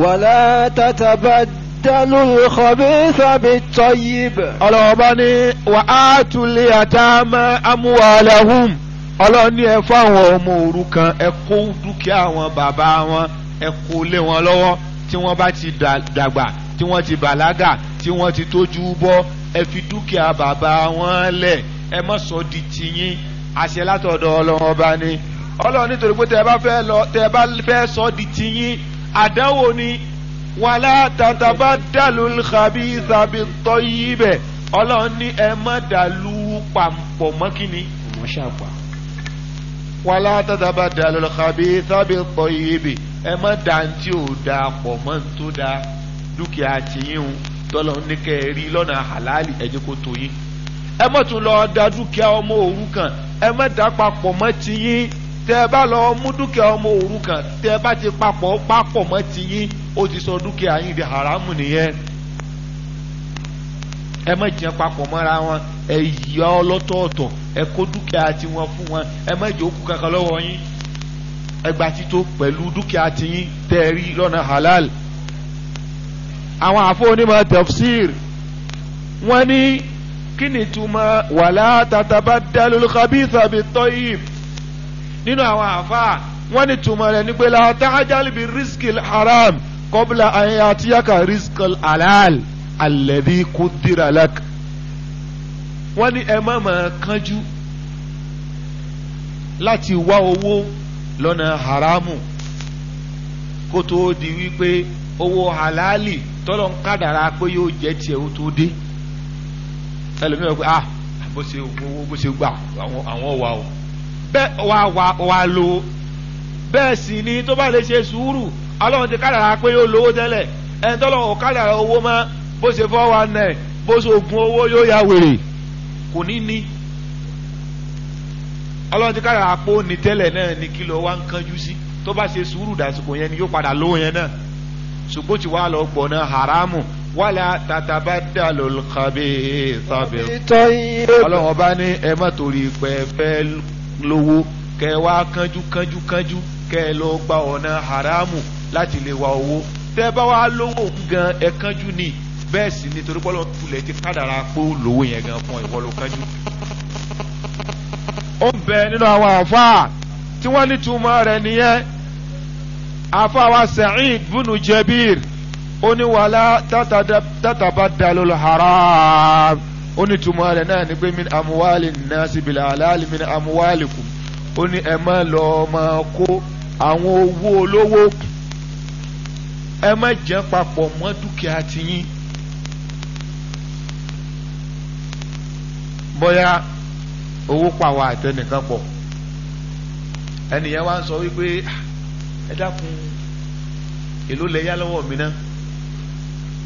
ولا تتبدلوا الخبيث بالطيب ọlọ́ọ̀bání وآتوا اليتامى أموالهم ọlọ́ọ̀ni ẹ fáwọn ọmọ òrukàn ẹ kó dúkìá wọn bàbá wọn ẹ kó lé wọn lọ́wọ́ tí wọ́n bá ti dàgbà tí wọ́n ti bàlágà tí wọ́n ti tójú bọ́ ẹ fi dúkìá bàbá wọn lẹ̀ ẹ má sọ di tiyín àṣẹ látọ̀dọ̀ ọlọ́wọ́n bá ní ọlọ́run nítorí pé tẹ́ ẹ bá fẹ́ lọ tẹ́ ẹ bá fẹ́ sọ di tiyín àdánwò ni wàlá tàtàbà dàlú khabitha bit tayyib ọlọ́run ní ẹ má dàlú pàmpọ̀ mọ́kínni. ọmọ ṣàpà. wàlá tàtàbà dàlú khabitha bit tayyib ẹ má dàntí ò da pọ̀ mọ́ tó da dúkìá tìyín o tọ́lọ́run ní kẹ́ ẹ rí lọ́nà halali ẹ kó tó yín. ẹ má tún lọ da dúkìá ọmọ òrukàn ẹ má dà papọ̀ mọ́ tìyín tẹ ẹ bá lọ mú dúkìá ọmọ òrukàn tẹ ẹ bá ti papọ̀ papọ̀ mọ́ ti yín ó ti sọ dúkìá yín di haramu nìyẹn ẹ má jẹ́ papọ̀ mọ́ra wọn ẹ yà ọ lọ́tọ̀ọ̀tọ̀ ẹ kó dúkìá tiwọn fún wọn ẹ má jẹ́ òkú kankan lọ́wọ́ yín ẹ gba pẹ̀lú dúkìá tiyín tẹ́ ẹ rí lọ́nà halal àwọn àfọ onímọ̀ tafsir wọ́n ní kí ni túmọ̀ wàlá tatabadalul khabitha bit tayyib nínú àwọn àáfàá wọ́n ní túmọ̀ rẹ̀ ní pé la ta'jal bi rizqil haram qabla an ya'tiyaka rizqil halal alladhi quddira lak. wọ́n ní ẹ má máa kánjú láti wá owó lọ́nà haramu kó tó di wípé owó halali tọ́lọ̀ ń kádàrá pé yóò jẹ́ tiẹ̀ ó tó dé ẹlòmíràn pé ah bó ṣe owó bó ṣe gbà àwọn wà o bẹ́ẹ̀ wà wà wà lò ó sì ni tó bá lè ṣe sùúrù ọlọ́run ti kádàrá pé yóò lówó tẹ́lẹ̀ ẹni tọ́lọ́run kádàrá owó mọ́ bó ṣe fọ́ wa nẹ̀ bó ṣe oògùn owó yóò ya wèrè kò ní ní ọlọ́run ti kádàrá pé ó ní tẹ́lẹ̀ náà ni kí ló wá ń kánjú sí tó bá ṣe sùúrù dàsìkò yẹn ni yóò padà lówó yẹn náà ṣùgbọ́n tí wàá lọ gbọ̀nà haramu wàlá tatabadalu al-khabitha bil-tayyib ọlọ́run ọba ní ẹ má torí pẹ́ẹ́fẹ́ lówó kẹ́ wá kánjú kánjú kánjú kẹ́ lọ gba ọ̀nà haramu láti lè wá owó tẹ́ bá wá lówó gan ẹ kánjú ni bẹ́ẹ̀ sì ni torí pọ́lọ́ tulẹ̀ ti kádàrá pé ó lówó yẹn gan fún ìwọ ló kánjú. ó ń bẹ nínú àwọn àfáà tí wọ́n ní túmọ̀ rẹ̀ nìyẹn àfáà wa Sa'id bunu Jabir ó ní wàhálà tàtàbà dalol haram ó ní túmọ̀ rẹ̀ náà ni pé min amuwali nasi bil halali min amuwalikum ó ní ẹ má lọ máa kó àwọn owó olówó ẹ má jẹ́ papọ̀ mọ́ dúkìá tiyín bóyá owó pàwọ́ àtẹnìkan pọ̀ ẹnìyẹn wá ń sọ wípé ah, ẹ dákun èló lẹ yá mi náà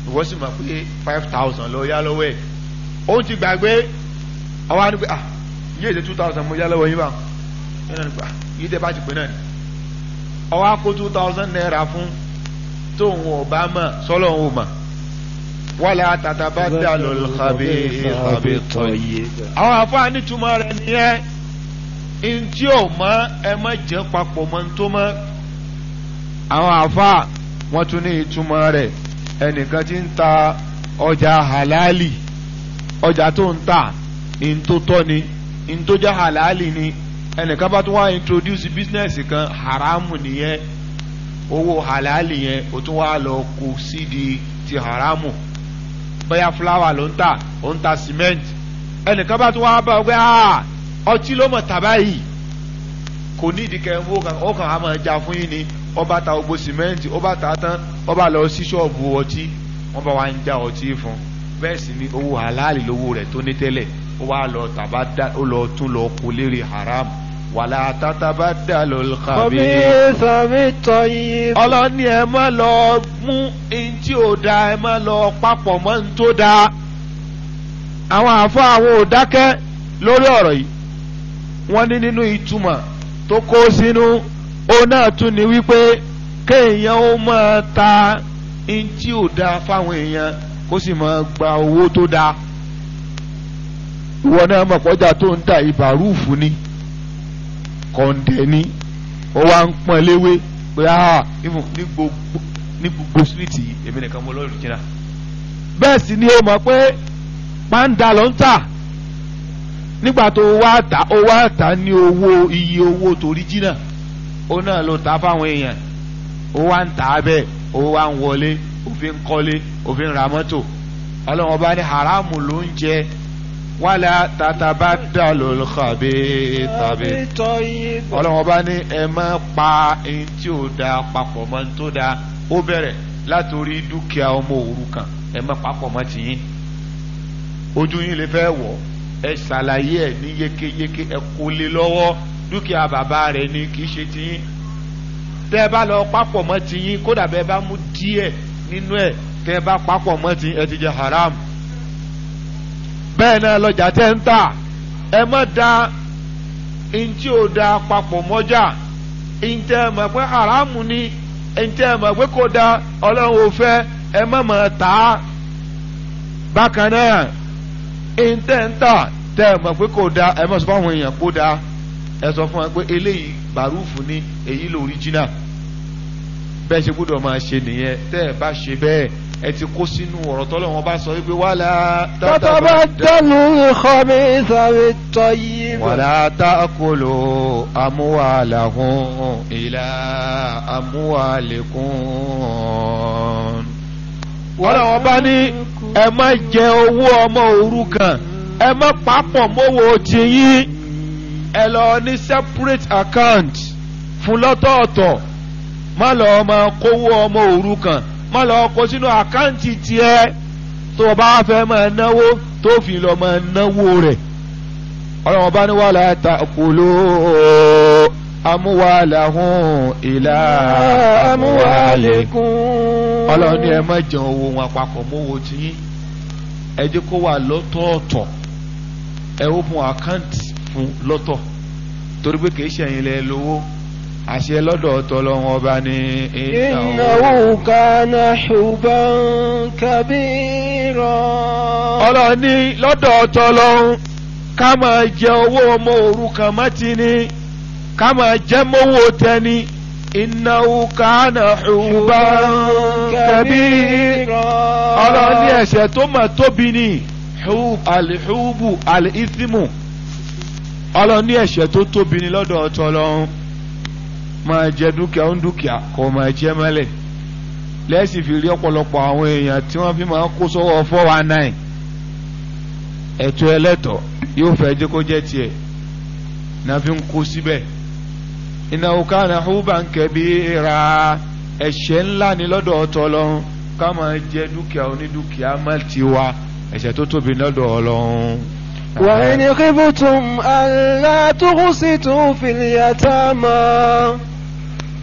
ìwọ sì mọ̀ pé five thousand lọ yá lọ́wọ́ ó ti gbàgbé àwa ni ah yíyé ṣe two thousand mo yá lọ́wọ́ yín bá yín náà ni pé ah yíyé tẹ bá ti pè náà ni ọwọ́ akó two thousand naira fún tóun ọba mọ̀ sọ́lọ́ òun mọ̀ wala tatabadalul khabitha bit-tayyib. àwọn àfáà nítumọ̀ rẹ̀ nìyẹn ntí ò mọ ẹ má jẹ́ papọ̀ mọ́ ntó mọ́ àwọn àfáà wọ́n tún ní ìtumọ̀ rẹ̀ ẹnìkan tí ń ta ọjà halali ọjà tó ń tà ní tó tọ́ ni ní tó jẹ́ halali ni ẹnìkan bá tún wá introduce business kan haramu nìyẹn owó halali yẹn o tún wá lọ kó sídìí ti haramu bóyá fúláwà ló ń tà ó ń ta cement ẹnìkan bá tún wá bá ọgbẹ́ ah ọtí ló mọ̀ tàbá yìí kò ní ìdíkẹ́ owó kan ó kàn á máa ja fún yín ni ó ta gbogbo cement ó bá ta tán ó bá lọ sí ṣọ́ọ̀bù ọtí wọ́n bá wá ń já ọtí fún un bẹ́ẹ̀ sì ni owó halal lówó rẹ̀ tó ní tẹ́lẹ̀ ó wá lọ tàbá dá ó lọ tún lọ kó lérí haram wàlá tátàbá dà ló ń kà bí. omi sàmì tọyìn. ọlọ́ni ẹ má lọ mú ẹni tí ò da ẹ má lọ papọ̀ mọ́ ní tó da àwọn àfọ àwọn ò dákẹ́ lórí ọ̀rọ̀ yìí wọ́n ní nínú ìtumọ̀ tó kó sínú ó náà tún ní wípé kéèyàn ó máa ta ẹni tí ò da fáwọn èèyàn kó sì máa gba owó tó dáa ìwọ náà mọ̀ pọ́jà tó ń ta ìbàrúùfù ni kọ̀ǹdẹ̀ ni ó wá ń pọ́n léwé pé á ah, ní gbogbo síríìtì èmi nìkan mo lọ́ọ̀rù jìnnà bẹ́ẹ̀ sì ni ó mọ̀ pé pàǹdà ló ń tà nígbà tó wá tà ó wá tà ní owó iye owó torí jìnnà ó náà ló ta fáwọn èèyàn ó wá ń tà á bẹ́ẹ̀ ó wá ń wọlé ó fi ń kọ́lé òfin ra mọ́tò ọlọ́run ọba ní haramu ló ń jẹ wala tatabadalul khabitha bitayyib ọlọ́run ọba ní ẹ má pa ẹni tí ò da papọ̀ mọ́ ẹni tó da ó bẹ̀rẹ̀ látòrí dúkìá ọmọ òrukàn ẹ má papọ̀ mọ́ tìyín ojú yín lè fẹ́ wọ̀ ẹ ṣàlàyé ẹ ní yékéyéké ẹ kò lè lọ́wọ́ dúkìá bàbá rẹ ni kì í ṣe tìyín tẹ́ ẹ bá lọ papọ̀ mọ́ tìyín kódà bẹ́ẹ̀ bá mú díẹ̀ nínú ẹ̀ tẹ́ bá papọ̀ mọ́ ti ẹ ti jẹ haram bẹ́ẹ̀ náà lọ́jà tẹ́ ń tà ẹ má da ntí ò da papọ̀ mọ́jà ntẹ́ mọ̀ pé haramu ni ntẹ́ mọ̀ pé kò da ọlọ́run ò fẹ́ ẹ má mọ̀ tà á bákan náà ntẹ́ ń tà tẹ́ mọ̀ pé kò da ẹ má sọ fún àwọn èèyàn kó da ẹ sọ fún wa pé eléyìí bàrúfù ni èyí lóríjínà bẹ́ẹ̀ ṣe gbọ́dọ̀ máa ṣe nìyẹn tẹ́ ẹ bá ṣe bẹ́ẹ̀ ẹ ti kó sínú ọ̀rọ̀ tọ́lọ̀ wọn bá sọ wípé wàlá. tọ́tọ́bá dánú ikọ̀ mi sáré tọ́ yìí. wàlá ta'kulu amúhàlàkùn ìlà amúhàlẹ̀kùn. wọ́n àwọn bá ní ẹ má jẹ owó ọmọ òrukàn ẹ má papọ̀ mọ́wọ́ tiyín ẹ lọ ní separate account fún lọ́tọ̀ọ̀tọ̀ má lọ́ọ́ máa kówó ọmọ òrukàn má lọ kó sínú àkáǹtì tiẹ̀ tó o bá fẹ́ máa náwó tó fi lọ máa náwó rẹ̀ ọlọ́run bá ní wàhálà ta kúló amúwàláhùn ìlà amúwàlẹ́kùn ọlọ́run ní ẹ má jẹun owó wọn papọ̀ mówó tiyín ẹ jẹ́ kó wà lọ́tọ̀ọ̀tọ̀ ẹ ó fún àkáǹtì fún lọ́tọ̀ torí pé kì ṣe ẹ̀yin lẹ lówó àṣẹ lọ́dọ̀ tọ́lọ́wọ́n ọba ní innahu kana huban kabira. ọlọ́ni lọ́dọ̀ tọ́lọ́hún ká máa jẹ owó ọmọ òrukàn mọ́tìní ká máa jẹ mọ́wó tẹni innahu kana huban kabira. ọlọ́ni ẹ̀ṣẹ̀ tó mà tóbi ni alìhùbù alìhìsímù ọlọ́ni ẹ̀ṣẹ̀ tó tóbi ni lọ́dọ̀ tọ́lọ́hún máa jẹ dúkìá ń dúkìá kò máa jẹ mọ́lẹ̀ lẹ́sìn fi rí ọ̀pọ̀lọpọ̀ àwọn èèyàn tí wọ́n fi máa kó sọ́wọ́ four one nine ẹ̀tọ́ ẹlẹ́tọ̀ yóò fẹ́ jẹ́ kó jẹ́ tiẹ̀ náà fi ń kó síbẹ̀ ìnáwó kánà húbà ń kẹ́bí ra ẹ̀ṣẹ̀ ńlá ni lọ́dọ̀ ọ̀tọ̀ ọlọ́run ká máa jẹ dúkìá onídúkìá má tiwa ẹ̀ṣẹ̀ tó tóbi lọ́dọ̀ ọlọ́run. وإن خفتم ألا تقسطوا في اليتامى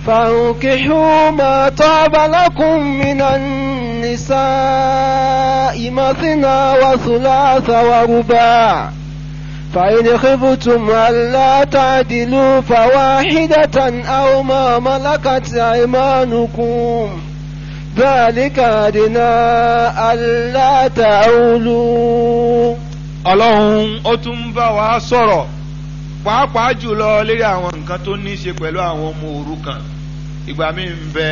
فانكحوا ما طاب لكم من النساء مثنى وثلاث ورباع فإن خفتم ألا تعدلوا فواحدة أو ما ملكت أيمانكم ذلك أدنى ألا تعولوا اللهم أتم بواسرة pàápàá jùlọ lérí àwọn nǹkan tó ní í ṣe pẹ̀lú àwọn ọmọ òrukàn ìgbà mi ń bẹ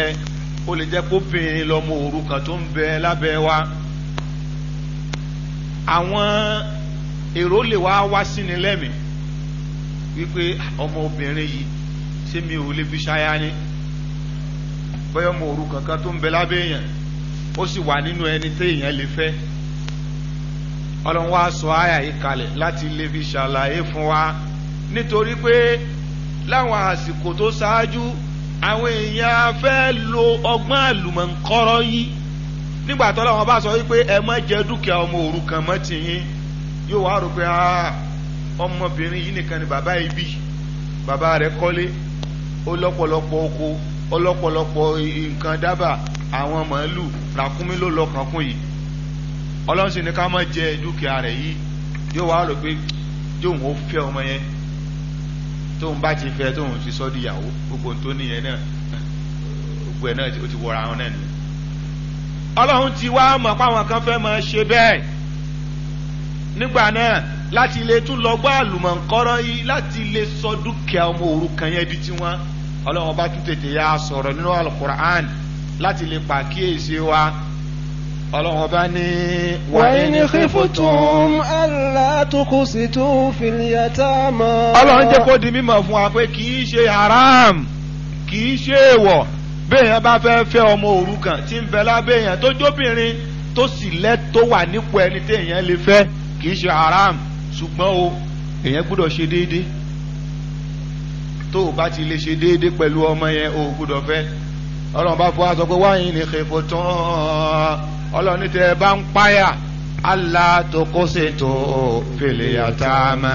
ó lè jẹ́ kóbìnrin lọ́mọ òrukàn tó ń bẹ lábẹ́ wa àwọn èrò lè wá wá sí ni lẹ́mìí wípé ọmọ obìnrin yìí ṣé mi ò lè fi ṣaya ni bóyá ọmọ òrukàn kan tó ń bẹ lábẹ́ èèyàn ó sì wà nínú ẹni téèyàn lè fẹ́ ọlọ́run wá sọ àyà yìí kalẹ̀ láti lè fi ṣàlàyé fún wa. nítorí pé láwọn àsìkò tó ṣáájú àwọn èèyàn fẹ́ lo ọgbọ́n àlùmọ̀ǹkọ́rọ́ yìí nígbà tó làwọn bá sọ wípé ẹ má jẹ dúkìá ọmọ kan mọ́ tìyín yóò wá rò pé ọmọbìnrin yìí nìkan ni bàbá yìí bí bàbá rẹ̀ kọ́lé oko ó nǹkan dábàá àwọn màálù ràkúnmí ló lọ kankún yìí ọlọ́run sì ní ká má jẹ dúkìá yìí yóò wá ọmọ yẹn tóun bá ti fẹ́ tóun ti sọ di ìyàwó gbogbo tó nìyẹn náà gbogbo ẹ̀ náà ó ti wọra wọn náà ni. ọlọ́run ti wá mọ̀ páwọn kan fẹ́ máa ṣe bẹ́ẹ̀ nígbà náà láti lè tún lọ gbọ́ àlùmọ̀ǹkọ́rọ́ yìí láti lè sọ dúkìá ọmọ òrukàn yẹn di tiwọn ọlọ́run ọba tún tètè yá sọ̀rọ̀ nínú Al-Qur'an láti lè pàkíyèsí wa ọlọ́run ọba ní. wàyí ni kífùtùm aláàtúkùsìtù fìlìyàtàmọ́. ọlọ́run jẹ́ kó di mímọ̀ fún wa pé kì í ṣe haram kì í ṣe èèwọ̀ béèyàn bá fẹ́ fẹ́ ọmọ òrukàn tí ń bẹ lábẹ́yàn tó jóbìnrin tó sì lẹ́ tó wà nípò ẹni téèyàn lè fẹ́ kì í ṣe haram ṣùgbọ́n o èèyàn gbọ́dọ̀ ṣe déédéé tó o bá ti lè ṣe déédéé pẹ̀lú ọmọ yẹn o gbọ́dọ̀ fẹ́ ọlọ́run bá fọ aṣọ wáyé ni kífùtùm ọlọ́ni tẹ ẹ bá ń páyà allah tó kó ṣètò fèlè àtàmà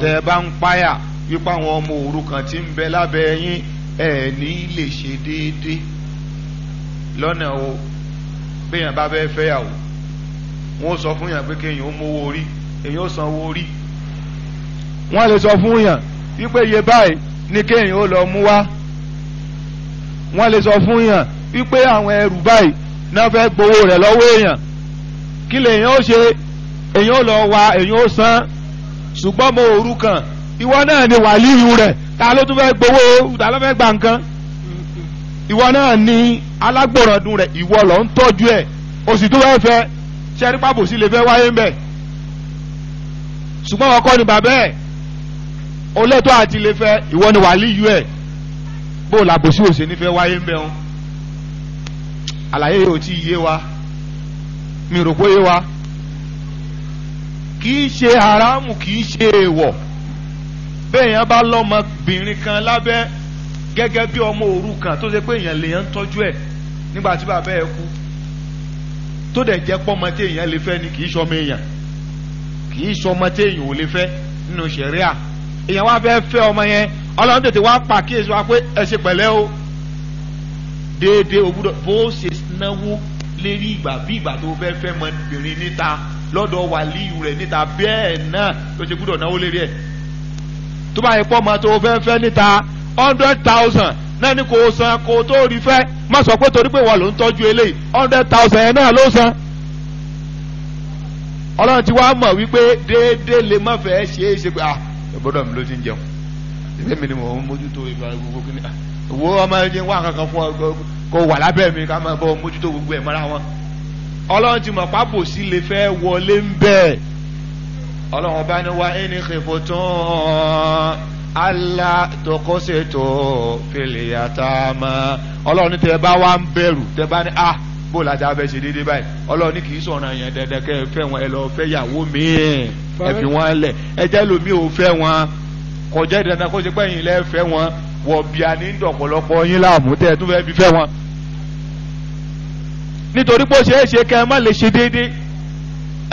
tẹ ẹ bá ń páyà wípé àwọn ọmọ òrukàn ti ń bẹ lábẹ́ yín ẹ ní lè ṣe déédéé lọ́nà o béèyàn bá fẹ́ fẹ́yàwó wọn ó sọ fún yàn pé kéèyàn ó mówó orí èyàn ó san owó orí wọn lè sọ fún yàn wípé iye báyìí ni kéèyàn ó lọ mú wá wọn lè sọ fún yàn wípé àwọn ẹrù báyìí náà fẹ́ gbowó rẹ̀ lọ́wọ́ èèyàn kí lèèyàn ó ṣe èèyàn ó lọ wa èèyàn ó san ṣùgbọ́n mo òru kan ìwọ náà ni wàlíyù rẹ̀ ta ló tún fẹ́ gbowó ta ló fẹ́ gba nǹkan ìwọ náà ni alágbòrandun rẹ̀ ìwọ lọ ń tọ́jú ẹ̀ o sì tún fẹ́ fẹ́ ṣẹ́rí pàbòsí lè fẹ́ wáyé ń bẹ̀ ṣùgbọ́n ọkọ ni bàbá ẹ̀ olóòtú àti lè fẹ́ ìwọ ni wàlíyù ẹ̀ bó làbòsí òsè ní fẹ́ wáyé ń bẹ̀ wọn àlàyé yóò ti yé wa mi rò pé yé wa kì í ṣe haramu kì í ṣe èèwọ̀ bẹ́ẹ̀ yẹn bá lọ́mọbìnrin kan lábẹ́ gẹ́gẹ́ bí ọmọ òrukàn tó ṣe pé èèyàn lèèyàn ń tọ́jú ẹ̀ nígbà tí bàbá ẹ̀ kú tó dẹ̀ jẹ́ pọ́mọ tí èèyàn lè fẹ́ ni kì í ṣọmọ èèyàn kì í ṣọmọ tí èèyàn ò lè fẹ́ nínú ṣẹ̀ríà èèyàn wá fẹ́ fẹ́ ọmọ yẹn ọlọ́run tètè wá pàkíyèsí wa pé ẹ ṣe pẹ̀lẹ́ o déédéé o gbúdọ̀ bó ṣe náwó lérí ìgbà bí ìgbà tó fẹ́ fẹ́ mọ obìnrin níta lọ́dọ̀ wàlíù rẹ̀ níta bẹ́ẹ̀ náà ló ṣe gbúdọ̀ náwó lérí ẹ̀ tó bá yẹ pọ́ ọmọ tó fẹ́ fẹ́ níta hundred thousand náà ni kò san kò tó rí fẹ́ má sọ pé torí pé wọ́n ló ń tọ́jú eléyìí hundred thousand yẹn náà ló san ọlọ́run ti wá mọ̀ wípé déédéé lè má fẹ́ ṣe é ṣe pé ah ìbọ̀dọ̀ mi ló ti ń jẹun ìfẹ́ mi ni mò mójútó ìgbà gbogbo kí ni ah wo ọmọ ẹni wà kankan fún ọ kó wà lábẹ́ mi ká máa bọ́ mójútó gbogbo ẹ̀ mọ́ra wọn ọlọ́run ti mọ̀ pápòsí lè fẹ́ wọlé ń bẹ́ẹ̀ ọlọ́run bá ní wa ẹni kẹfọ́ tán alá tọkọ́sẹ̀tọ̀ fèlè àtàmà ọlọ́run tẹ bá wà ń bẹ̀rù tẹ bá ní ah bó làjà abẹ́ ṣe déédéé báyìí ọlọ́run ní kì í sọ̀rọ̀ yẹn dandan kẹ́ ẹ fẹ́ wọn ẹ lọ fẹ́ yàwó míì ẹ fi wọn lẹ̀ ẹ jẹ́ lómi ò fẹ́ wọn kọjá dandan kó ṣe pẹ́yìn lẹ́ fẹ́ wọn wọ̀bìà ní dọ̀pọ̀lọpọ̀ yín láàmú tẹ́ ẹ tún fẹ́ fi fẹ́ wọn. nítorí pé ó ṣeé ṣe kẹ́ ẹ má lè ṣe déédéé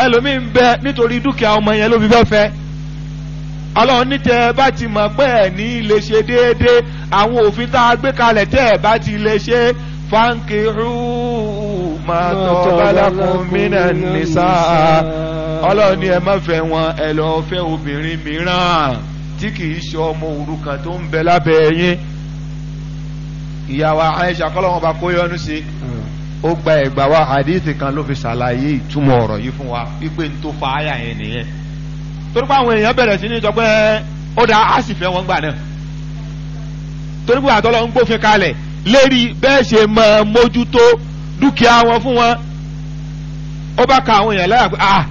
ẹlòmíín bẹ nítorí dúkìá ọmọ yẹn ló fi fẹ́ fẹ́ ọlọ́run ní tẹ ẹ bá ti mọ̀ pé ẹ ní lè ṣe déédéé àwọn òfin tá a gbé kalẹ̀ tẹ ẹ bá ti lè ṣe fáńkì rúù máa tọ́ bálákùn mínà nìsáà ọlọ́run ní ẹ má fẹ́ wọn ẹ lọ́ọ́ fẹ́ obìnrin mìíràn tí kìí ṣe ọmọ òrukàn tó ń bẹ lábẹ́ yín ìyàwó Aisha kọ́lọ́wọ́n bá kó yọnu sí ó gba ẹ̀gbà wa hadith kan ló fi ṣàlàyé ìtumọ̀ ọ̀rọ̀ yìí fún wa wípé n tó fa àyà yẹn nìyẹn torí pé àwọn èèyàn bẹ̀rẹ̀ sí ní sọ pé ó dáa á sì fẹ́ wọn gbà náà torí pé àtọ́lọ́ ń gbófin kalẹ̀ lérí bẹ́ẹ̀ ṣe máa mójútó dúkìá wọn fún wọn ó bá ka àwọn èèyàn láyà pé ah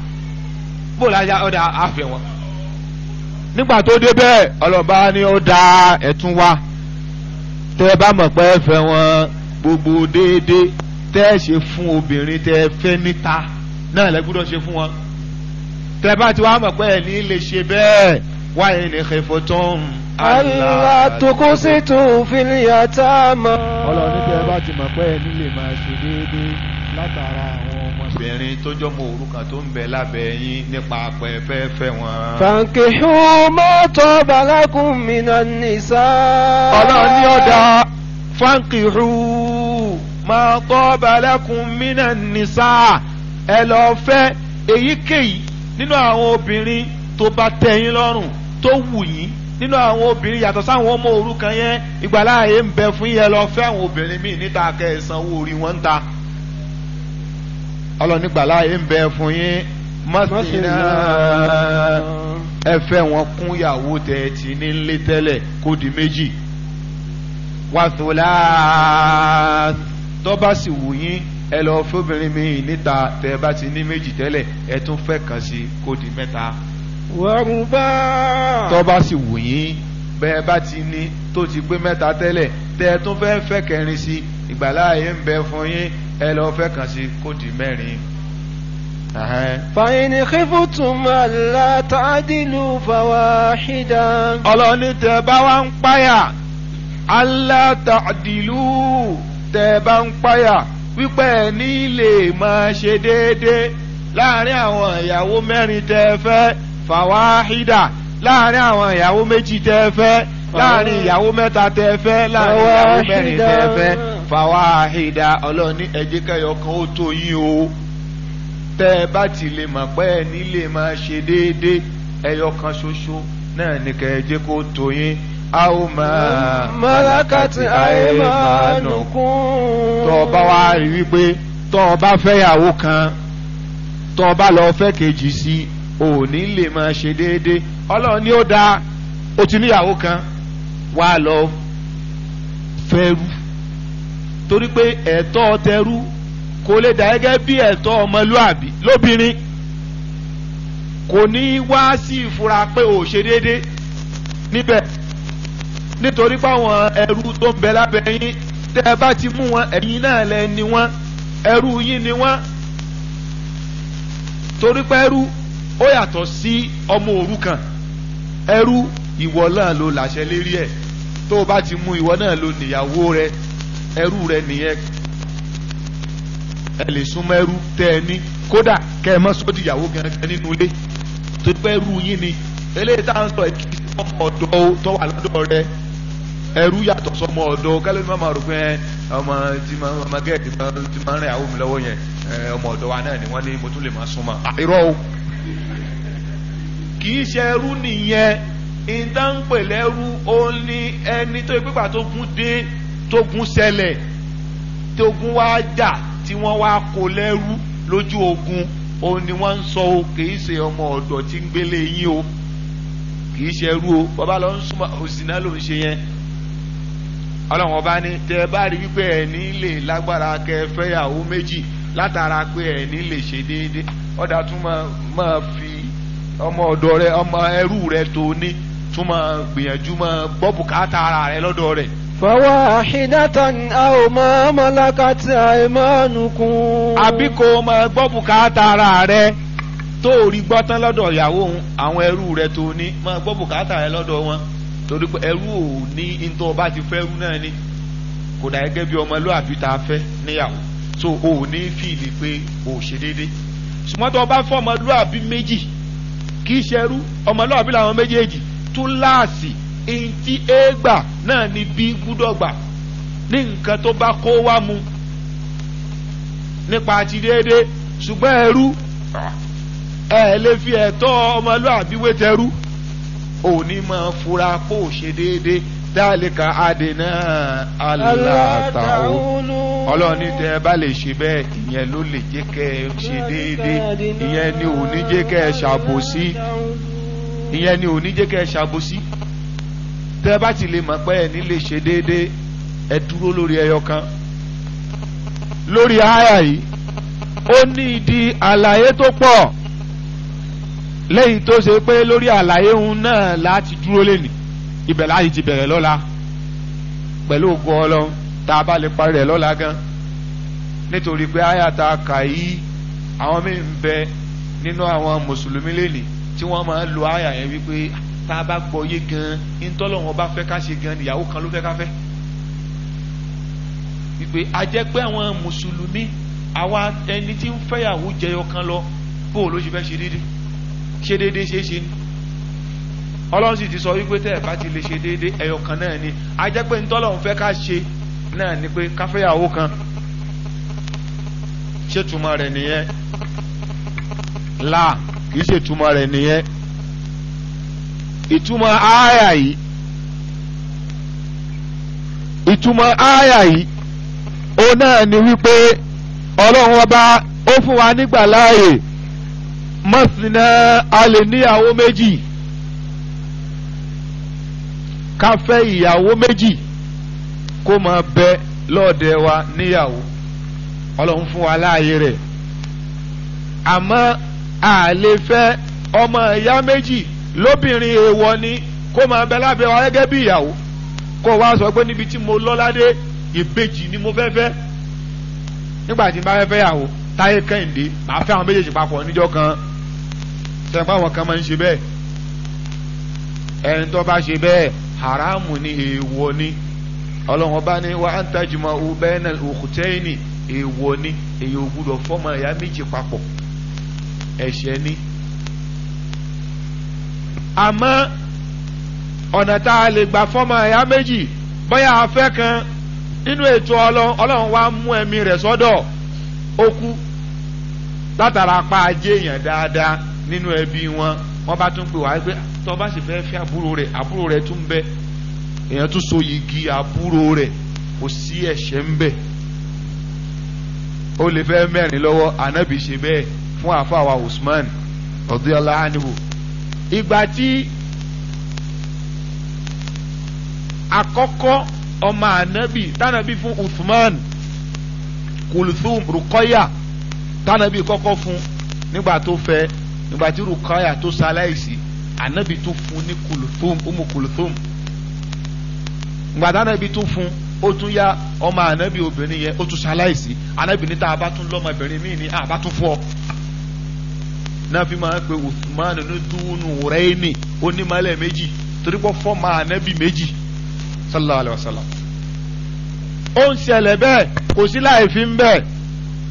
bó la ya ó dáa á fẹ́ wọn nígbà tó dé bẹ́ẹ̀ ọlọ́ba ni ó da ẹ̀tún wa tẹ́ ẹ bá mọ̀ pé ẹ fẹ́ wọn gbogbo déédéé tẹ́ ẹ ṣe fún obìnrin tẹ́ ẹ fẹ́ níta náà lẹ ṣe fún wọn tẹ́ bá ti wá mọ̀ pé ẹ̀ ní lè ṣe bẹ́ẹ̀ wá yẹn ní kẹfọ́ tán. Allah tó kó sí tún fìlíyà tá a mọ̀. ọlọ́run ní tẹ́ bá ti mọ̀ pé ẹ̀ ní lè máa ṣe déédéé látara àwọn obìnrin tó jọmọ òrukàn tó ń bẹ lábẹ́ yín nípa pẹ̀fẹ́ fẹ́ wọn. fankihu ma taba lakum minan nisa. ọlọ́run ní ọ̀dà fankihu ma taba lakum minan nisa ẹ lọ fẹ́ èyíkéyìí nínú àwọn obìnrin tó bá tẹ́ yín lọ́rùn tó wù yín nínú àwọn obìnrin yàtọ̀ sáwọn ọmọ òrukàn yẹn ìgbàláàyè ń bẹ fún yẹn lọ fẹ́ àwọn obìnrin míì níta kẹsàn-án orí wọn ń ta ọlọ́nìgbà láàyè ń bẹ fún yín mọ́sìnà ẹ fẹ́ wọn kún yàwó tẹ ẹ ti ní lé tẹ́lẹ̀ kó di méjì wàtòlá tọ́ba sì wù yín ẹ lọ fóbìnrin mi níta tẹ ẹ bá ti ní méjì tẹ́lẹ̀ ẹ tún fẹ́ kàn sí kó di mẹ́ta. wàrúbà. tọ́ba sì wù yín bẹ́ẹ̀ bá ti ní tó ti pé mẹ́ta tẹ́lẹ̀ tẹ ẹ tún fẹ́ fẹ́ kẹrin sí ìgbàláyé ń bẹ fún yín ẹ lọ fẹ́ kàn sí kó di mẹ́rin. fàyínì khiftum alla ta'dilu fawahida. ọlọ́ni tẹ bá wá ń páyà alla ta'dilu tẹ bá ń páyà wípé ní lè máa ṣe déédéé láàrin àwọn ìyàwó mẹ́rin tẹ fẹ́ fawahida láàrin àwọn ìyàwó méjì tẹ fẹ́ láàrin ìyàwó mẹ́ta tẹ fẹ́ láàrin ìyàwó mẹ́rin tẹ fẹ́ fawahida ọlọ́run ní ẹ̀jẹ̀ kẹyọ kan ó tó yín o tẹ́ ẹ bá ti lè mọ̀ pé ẹ nílé máa ṣe déédéé ẹyọ kan ṣoṣo náà ní kẹ́ kó tó yín a ó máa malakati aymanukum. tọ́ ọ bá wá rí wípé tọ́ ọ bá fẹ́yàwó kan tọ́ ọ bá lọ fẹ́ kejì sí i ò ní lè máa ṣe déédéé ọlọ́run ó dáa o ti níyàwó kan wá lọ fẹ́rù torí pé ẹ̀tọ́ tẹrú kò lè dà gẹ́gẹ́ bí ẹ̀tọ́ ọmọlúàbí lóbìnrin kò ní wá sí ìfura pé ò ṣe déédé níbẹ̀ nítorí páwọn ẹrú tó ń bẹ lábẹ́ yín tẹ́ ẹ bá ti mú wọn ẹ̀yin náà lẹ ni wọ́n ẹrú yín ni wọ́n torí pé ẹrú ó yàtọ̀ sí ọmọ òrukàn ẹrú ìwọ náà ló làṣẹ lérí ẹ̀ tó o bá ti mú ìwọ náà ló níyàwó rẹ̀ ẹrú rẹ nìyẹn ẹ lè súnmọ́ ẹrú tẹ́ ẹ ní kódà kẹ́ ẹ mọ́ sódì ìyàwó gangan nínú ilé tó pẹ́ ẹrú yín ni eléyìí tá à ń sọ ẹ kí ọmọ ọ̀dọ́ tó wà lọ́dọ̀ rẹ ẹrú yàtọ̀ sọmọ ọ̀dọ́ kálí ní màmá rò pé ọmọ tí màmá gẹ̀ẹ́dì tí màá rìn àwọn mi yẹn ọmọ ọ̀dọ́ wa náà ni wọ́n ní mo tún lè máa súnmọ́ àìrọ́ o kì í ṣe ẹrú nìyẹn ìdánpẹ̀lẹ́rú ó ní ẹni tó ipé pàtó kún dé tógun ṣẹlẹ̀ tógun wá jà tí wọ́n wá kó lẹ́rú lójú ogun òun ni wọ́n ń sọ o kìí ṣe ọmọ ọ̀dọ̀ tí ń gbélé yín o kìí ṣe ẹrú o bàbá lọ ń súnmọ́ òsínà ló ń ṣe yẹn ọlọ́run ọba ní tẹ́ ẹ bá rí wípé ẹ̀ní lè lágbára kẹ́ ẹ fẹ́yàwó méjì látara pé ẹ̀ní lè ṣe déédéé ọ̀dà tún máa fi ọmọ ọ̀dọ̀ rẹ ọmọ ẹrú rẹ tó ní tún máa gbìyànjú máa gbọ́ bùkátà ara rẹ lọ́dọ̀ rẹ̀ fawahidatan aw ma malakat aymanukum. àbí kò máa gbọ́ bùkátà ara rẹ tó o rí gbọ́ tán lọ́dọ̀ ìyàwó àwọn ẹrú rẹ tó ní máa gbọ́ bùkátà rẹ lọ́dọ̀ wọn torí pé ẹrú ò ní ntọ́ bá ti fẹ́ rú náà ni kò dà gẹ́gẹ́ bí ọmọlúwàbí tá a fẹ́ níyàwó so o ò ní fìlì pé o ò ṣe déédéé ṣùgbọ́n tó o bá fọ́ ọmọlúwàbí méjì kì í ṣe ẹrú ọmọlúwàbí làwọn méjèèjì túláàsì ntí a gbà náà ni b gbúdọ̀ gbà ní nǹkan tó bá kó wá mu nípa ti déédéé ṣùgbọ́n ẹrú ẹ lè fi ẹ̀tọ́ ọmọlúàbí wé tẹrú òní máa fura kó o ṣe déédéé dálíkà àdènà aláàtàwọn ọlọ́run ní tẹ ẹ bá lè ṣe bẹ́ẹ̀ ìyẹn ló lè jẹ́ kẹ́ ẹ ṣe déédéé ìyẹn ni ò ní jẹ́ ẹ ṣàbòsí ìyẹn ni ò ní jẹ́ ẹ ṣàbòsí tẹ́ ẹ bá ti lè mọ̀ pé ẹni lè ṣe déédéé ẹ dúró lórí ẹyọ kan lórí àyà yìí ó ní ìdí àlàyé tó pọ̀ lẹ́yìn tó ṣe pé lórí àlàyé òun náà láti dúró lẹ́nì ibẹ̀ láti ti bẹ̀rẹ̀ lọ́la pẹ̀lú ògo ọlọ́run tá a bá lè parí rẹ̀ lọ́la gan nítorí pé àyà tá a kà yìí àwọn míì ń bẹ nínú àwọn mùsùlùmí lẹ́nì tí wọ́n máa ń lo àyà yẹn wípé tá a bá gbọ́ yé gan ntọ́lọ́wọ́n bá fẹ́ ká ṣe gan níyàwó kan ló fẹ́ ká fẹ́ wípé a jẹ́ pé àwọn mùsùlùmí àwa ẹni tí ń fẹ́yàwó jẹyọ kan lọ bó o ló ṣe fẹ́ ṣe déédéé ṣe déédéé ṣe é ṣe ni ọlọ́run sì ti sọ wípé tẹ́ ẹ̀ bá ti lè ṣe déédéé ẹyọ kan náà ni a jẹ́ pé ntọ́lọ́wọ́n fẹ́ ká ṣe náà ni pé ká fẹ́yàwó kan ṣètùmọ̀ rẹ̀ nìyẹn là kì í ṣètùmọ̀ rẹ̀ nìyẹn. ìtumọ̀ ááyà yìí ìtumọ̀ ááyà yìí ó náà ni wípé ọlọ́run ọba ó fún wa nígbà láàyè mọ́sìnà a lè níyàwó méjì ká fẹ́ ìyàwó méjì kó máa bẹ lọ́ọ̀dẹ wa níyàwó ọlọ́run fún wa láàyè rẹ̀ àmọ́ a lè fẹ́ ọmọ ìyá méjì lóbìnrin èèwọ̀ ni kó máa bẹ lábẹ́ wa gẹ́gẹ́ bí ìyàwó kó wá sọ pé níbi tí mo lọ́ládé ìbejì ni mo fẹ́ fẹ́ nígbà tí n bá fẹ́ fẹ́ yàwó táyé kẹ́hìndé màá fẹ́ àwọn méjèèjì papọ̀ níjọ́ kan sọ pé àwọn kan máa ń ṣe bẹ́ẹ̀ ẹni bá ṣe bẹ́ẹ̀ haramu ni èèwọ̀ ni ọlọ́run ọba ni wa an tajma'u bayna al-ukhtayni èèwọ̀ ni èèyàn ò gbúdọ̀ fọ́mọ ìyá méjì papọ̀ ẹ̀ṣẹ̀ ni àmọ́ ọ̀nà tá a lè gbà fọ́mọ ẹ̀yà méjì bóyá a fẹ́ kan nínú ètò ọlọ́run wa mú ẹ̀mí rẹ̀ sọ́dọ̀ ó kú látara pa ajé èèyàn dáadáa nínú ẹbí wọn wọn bá tún pè wá pé tó bá sì fẹ́ fẹ́ àbúrò rẹ̀ àbúrò rẹ̀ tún bẹ èèyàn tún so yìgì àbúrò rẹ̀ kò sí ẹ̀ṣẹ̀ ń bẹ ó lè fẹ́ mẹ́rin lọ́wọ́ ànábì ṣe bẹ́ẹ̀ fún àfàwà Usman radiyallahu anhu ìgbà tí àkọ́kọ́ ọmọ ànábì tánàbí fún Uthman Kulthum Ruqayya tánàbí kọ́kọ́ fún nígbà tó fẹ́ nígbà tí Ruqayya tó ṣaláìsí ànábì tó fún ní Kulthum Umu Kulthum gbàdá ànábì tó fún ó tún yá ọmọ ànábì obìnrin yẹn ó tún ṣaláìsí ànábì níta abátún lọ́mọbìnrin míì ní abátún fún ọ náà fi máa ń pe Uthman nùdúnù rẹ̀ ní onímọ̀lẹ̀ méjì torí pé fọ́ọ̀mù ànábì méjì sallallahu alayhi wa sallam. ó ń ṣẹlẹ̀ bẹ́ẹ̀ kò sí láì fi ń bẹ́ẹ̀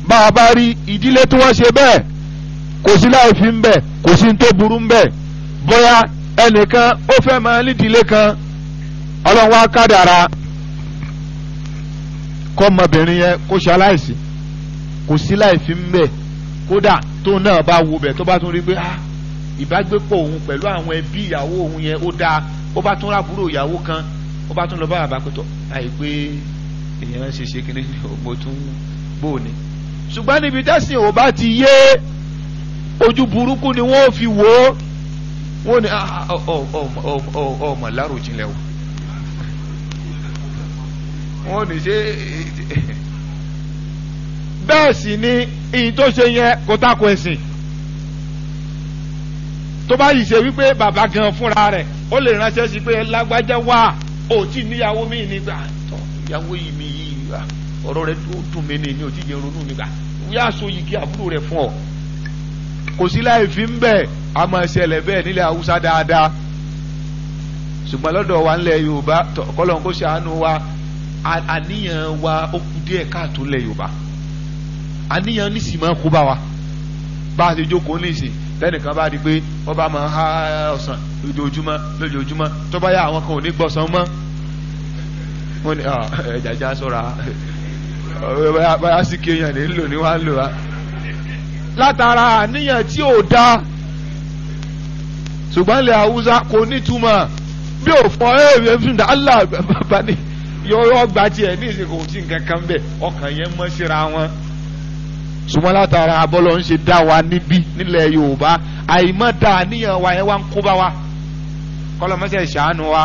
bá a bá rí ìdílé tí wọ́n ṣe bẹ́ẹ̀ kò sí láì fi ń bẹ́ẹ̀ kò sí ní tó burú ń bẹ́ẹ̀ bóyá ẹnìkan ó fẹ́ máa nídìílé kan ọlọ́run wá kádàrá kọ́mọbìnrin yẹn kó ṣe aláìsí kò sí láì fi ń bẹ́ẹ̀ kódà tó náà bá wo bẹ̀ tó bá tún rí pé ah ìbágbépọ̀ òun pẹ̀lú àwọn ẹbí ìyàwó òun yẹn ó dáa ó bá tún rábúrò ìyàwó kan ó bá tún lọ bá bàbá pẹ̀tọ̀ àìpé èèyàn ṣe ṣe kíní ní ògbó tún bò ní. ṣùgbọ́n níbi tẹ́sìn ò bá ti yé ojú burúkú ni wọ́n fi wò ó wọ́n ní ọmọ láròjinlẹ̀ o wọ́n ní ṣe eh, eh, eh, bẹ́ẹ̀ sì ni èyí tó ṣe yẹn kò tako ẹ̀sìn tó bá yìí ṣe wípé bàbá gan fúnra rẹ̀ ó lè ránṣẹ́ sí pé lágbájá wà ó tí níyàwó mi nígbà tó ìyàwó yìí mi yìí ọ̀rọ̀ rẹ̀ tó tún mi ní ní òtí yẹn ronú nígbà wíyá so yìí kí àbúrò rẹ̀ fún ọ kò sí láì fi ń bẹ̀ a máa ṣẹlẹ̀ bẹ́ẹ̀ haúsá dáadáa ṣùgbọ́n lọ́dọ̀ wa ńlẹ̀ yorùbá kọ́lọ́n ṣàánú wa àníyàn wa ó kù díẹ̀ káàtó ńlẹ̀ yorùbá àníyàn ní sì máa kó bá wa bá a ti jókòó ní ìsìn tẹnìkan bá di pé wọn bá máa há ọsàn lójoojúmọ́ lójoojúmọ́ tó bá yá àwọn kan ò ní gbọsán mọ́ wọn ni ah, ẹjàjà ṣọ́ra báyà sí kí èèyàn lè lò ní wàá lò wá. látara àníyàn tí ò da ṣùgbọ́n ilẹ̀ haúsá kò nítumọ̀ bí ò fọ ẹ̀rọ ẹ̀fún dá allah bàbá ni yọ̀ọ́ gba tiẹ̀ ní ìsìnkú tí nǹkan kan bẹ̀ ọkàn yẹn mọ́ síra wọn. Sumala látara abọ́lọ́ ń ṣe dá wa níbí nílẹ̀ Yorùbá àìmọ́ da níyàn wa yẹn wá ń kó bá wa kọlọmọsẹ̀ ṣàánú wa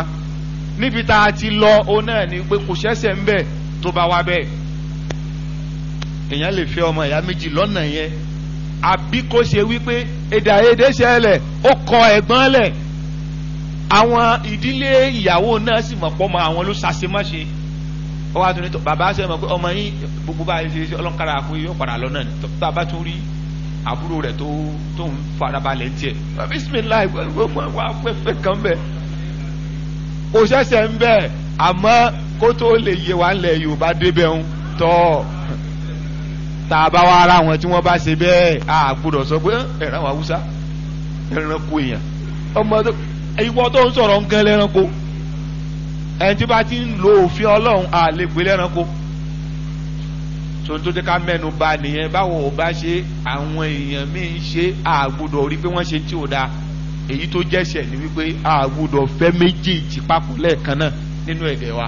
níbi tá a ti lọ òun náà ni pé kò ṣẹ́sẹ̀ ń bẹ̀ tó bá wa bẹ́ẹ̀ èèyàn lè fẹ́ ọmọ ìyá méjì lọ́nà yẹn àbí kó ṣe wípé èdè àìyedè ṣẹlẹ̀ ó kọ ẹ̀gbọ́n lẹ̀ àwọn ìdílé ìyàwó náà sì mọ̀ mọ́ àwọn ló ṣàṣemáṣe ọwọ́ àtúntò tó bàbá sọ ma pé ọmọ yín gbogbo bá yẹ ṣe ọlọ́nkara àfún yín yóò padà lọ náà tá a bá tún rí àbúrò rẹ̀ tó tó ń farabalẹ̀ ń tiẹ̀ bisimilayi wà pẹ́pẹ́ kan bẹ̀ kò ṣẹ̀ṣẹ̀ ń bẹ̀ àmọ́ kó tó lè yé wa lẹ̀ Yorùbá débẹ̀ ń tọ́ tá a bá wa ara wọn tí wọ́n bá ṣe bẹ́ẹ̀ a gbọ́dọ̀ sọ pé ẹ̀ràn wa Haúsá ẹ̀ràn kò èèyàn ọmọ tó ìwọ tó ń sọ̀rọ̀ ń gẹ́lẹ́ràn kò ẹni tí bá ti ń lo òfin ọlọ́run àlegbè lẹ́ranko tontó tí ká mẹ́nu bà nìyẹn báwo ò bá ṣe àwọn èèyàn míì ń ṣe àgbọ́dọ̀ rí pé wọ́n ṣe tí ò dáa èyí tó jẹ́sẹ̀ ni wípé àgbọ́dọ̀ fẹ́ méjèèjì papọ̀ lẹ́ẹ̀kan náà nínú èdè wa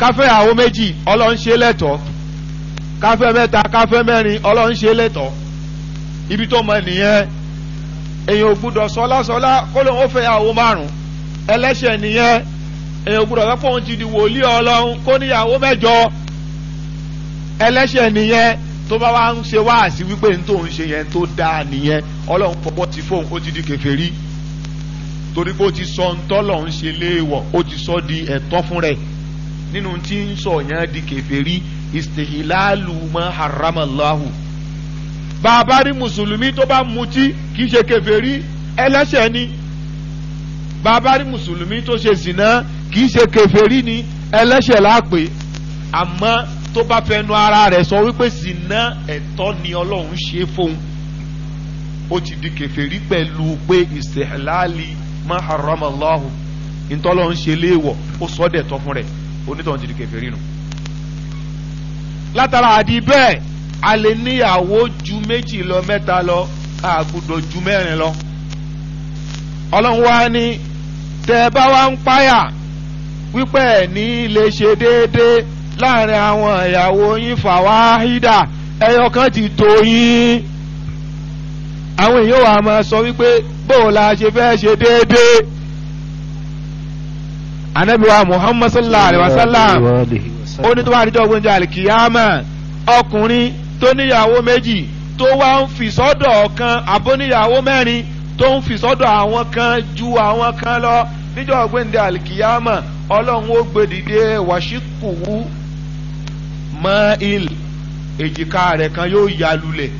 káfẹ́ àwọn méjì ọlọ́run ṣe lẹ́tọ̀ọ́ káfẹ́ mẹ́ta káfẹ́ mẹ́rin ọlọ́run ṣe lẹ́tọ̀ọ́ ibi tó mọ nìyẹn èèyàn ò gbọ́dọ̀ sọlá sọlá kó lóun ó fẹ́ àwọn márùn-ún ẹlẹ́ṣẹ̀ nìyẹn èèyàn gbúdọ̀ fẹ́ fóun ti di wòlíì ọlọ́run kó níyàwó mẹ́jọ ẹlẹ́ṣẹ̀ nìyẹn tó bá wá ń ṣe wáàsí wípé ní tó ń ṣe yẹn tó dáa nìyẹn ọlọ́run fọwọ́ ti fóun ó ti di kèfèrí torí pé ó ti sọ ntọ́lọ̀ ń ṣe léèwọ̀ ó ti sọ di ẹ̀tọ́ fún rẹ̀ nínú tí ń sọ yẹn di kèfèrí istihilalu ma haramallahu bàbá rí mùsùlùmí tó bá mutí kì í ṣe kèfèrí ẹlẹ́ṣẹ̀ ni Babari musulumi mùsùlùmí tó ṣe zìnà kì í ṣe kèfèrí ni ẹlẹ́ṣẹ̀ láàpè àmọ́ tó bá fẹnu ara rẹ̀ sọ wípé zìnà ẹ̀tọ́ ni ọlọ́run ṣe fóun ó ti di kèfèrí pẹ̀lú pé ìsèhálàlì maharamallahu ntọ́lọ́run ṣe léèwọ̀ ó sọ dẹ̀ tọ́ fún rẹ̀ onítọ̀hún ti di kèfèrí nù. látara àdí bẹ́ẹ̀ a lè níyàwó ju méjì lọ mẹ́ta lọ àgùdọ̀ ju mẹ́rin lọ ọlọ́run wá ní tẹ́ wa bá wá ń páyà wípé ẹ̀ ní lè ṣe déédéé láàrin àwọn ìyàwó yín fàwáhídà ẹyọ kan ti tó yín àwọn èèyàn wa máa sọ wípé bóò la ṣe fẹ́ ṣe déédéé anabiwa muhammad sallallahu alaihi wasallam ó ní tó wà níjọ́ gbọ́njọ́ alikiyama ọkùnrin tó níyàwó méjì tó wá ń fi sọ́dọ̀ kan àbóníyàwó mẹ́rin tó ń fi sọ́dọ̀ àwọn kan ju àwọn kan lọ níjọ́ ọ̀gbẹ́ndẹ́ alikiyama ọlọ́run ó gbé dìde wàṣíkùwú mọ́ìl èjìká rẹ̀ kan yóò ya lulẹ̀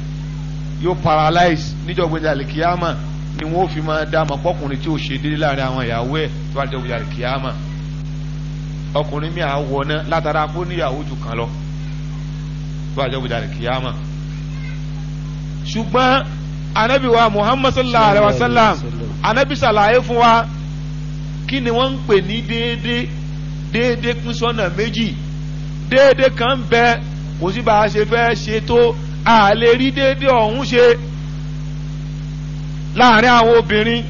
yóò paralyze níjọ́ ọ̀gbẹ́ndẹ́ alikiyama ni wọ́n fi máa dá ọmọ pọ́kùnrin tí ó ṣe déédéé láàrin àwọn ìyàwó ẹ̀ tó bá dé ọ̀gbẹ́ndẹ́ alikiyama ọkùnrin mi àwọ̀ náà látara kó níyàwó jù kan lọ tó bá dé ọ̀gbẹ́ndẹ́ alikiyama ṣùgbọ́n anabi wa muhammad sallallahu alaihi wa sallam anabi ṣàlàyé fún wa kí ni wọ́n ń pè ní déédéé déédéé kún sọ́nà méjì déédéé kan bẹ kò sí bá a ṣe fẹ́ ṣe tó a lè rí déédéé ọ̀hún ṣe láàrin àwọn obìnrin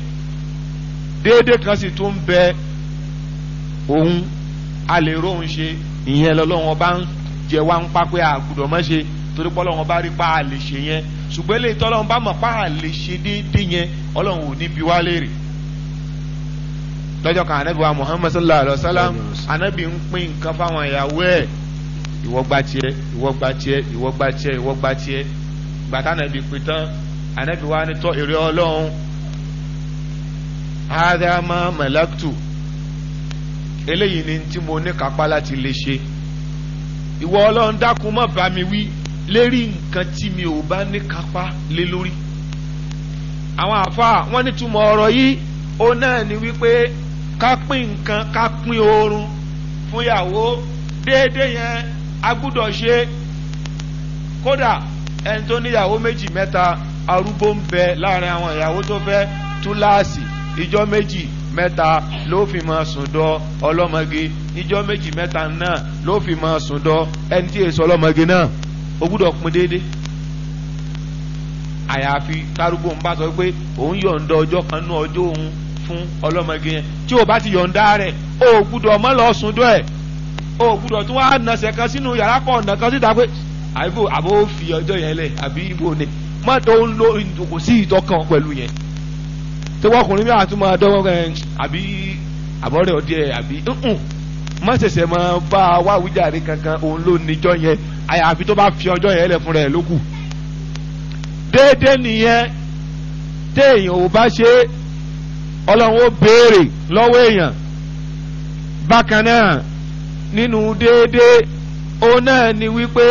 déédéé kan sì tún bẹ òun a lè róhun ṣe ìyẹn lọ́lọ́wọ́n bá ń jẹ wá ń pa pé àgùdọ̀ mọ́ ṣe torí pé ọlọ́run bá rí pa àlè ṣe yẹn ṣùgbọ́n eléyìí tọ́lọ́run bá mọ̀ pa àlè ṣe déédéé yẹn ọlọ́run ò ní bi wá léèrè lọ́jọ́ kan anabi wa muhammad sallallahu alayhi wa sallam anabi ń pín nǹkan fáwọn ìyàwó ẹ̀ ìwọ gba tiẹ̀ ìwọ gba tiẹ̀ ìwọ gba ìwọ gba gbàtà anabi pín tán anabi wa ni tọ́ èrè ọlọ́run adama malaktu eléyìí ni tí mo ní kápá láti lè ṣe ìwọ ọlọ́run dákun má bá mi wí lérí nǹkan tí mi ò bá ní kápá lé lórí àwọn àfa wọn nítumọ̀ ọ̀rọ̀ yìí ó náà ni wípé ká pín nǹkan ká pín oorun fún ìyàwó déédéé yẹn a gbúdọ̀ ṣe kódà ẹni tó níyàwó méjì mẹ́ta arúgbó ń bẹ láàrin àwọn ìyàwó tó fẹ́ túláàsì ìjọ méjì mẹ́ta ló fi máa sùn dọ ọlọ́mọge ìjọ méjì mẹ́ta náà ló fi máa sùn dọ ẹni tí èso ọlọ́mọge náà ó gbúdọ̀ pin déédéé. àyàfi tárúgbó ń bá sọ pé òun yọ̀ǹda ọjọ́ kan nú ọjọ́ òun fún ọlọ́mọge yẹn tí o bá ti yọ̀ǹda rẹ̀ o gbúdọ̀ mọ́ lọ sùndọ́ ẹ̀ o gbúdọ̀ tún wá nàṣẹ kan sínú yàrá kan ọ̀nà síta pé àbí àbó fi ọjọ́ yẹn lẹ̀ àbí ibo ni má tó ń lo kò sí ìtọ́kàn pẹ̀lú yẹn tí wọ́n kùnrin mi àtúmọ̀ àdọ́wọ́ ẹ̀ àbí àbọ̀rẹ̀ ọdí àbí nǹkan má ṣẹ̀ṣẹ̀ máa bá a wá àwíjàre kankan òun ló níjọ́ yẹn àyàfi tó bá fi ọjọ́ yẹn lẹ̀ fúnra ẹ̀ lókù déédéé nìyẹn téèyàn ò bá ṣe ọlọ́run ó béèrè lọ́wọ́ èèyàn bákan náà nínú déédéé òun náà ni wípé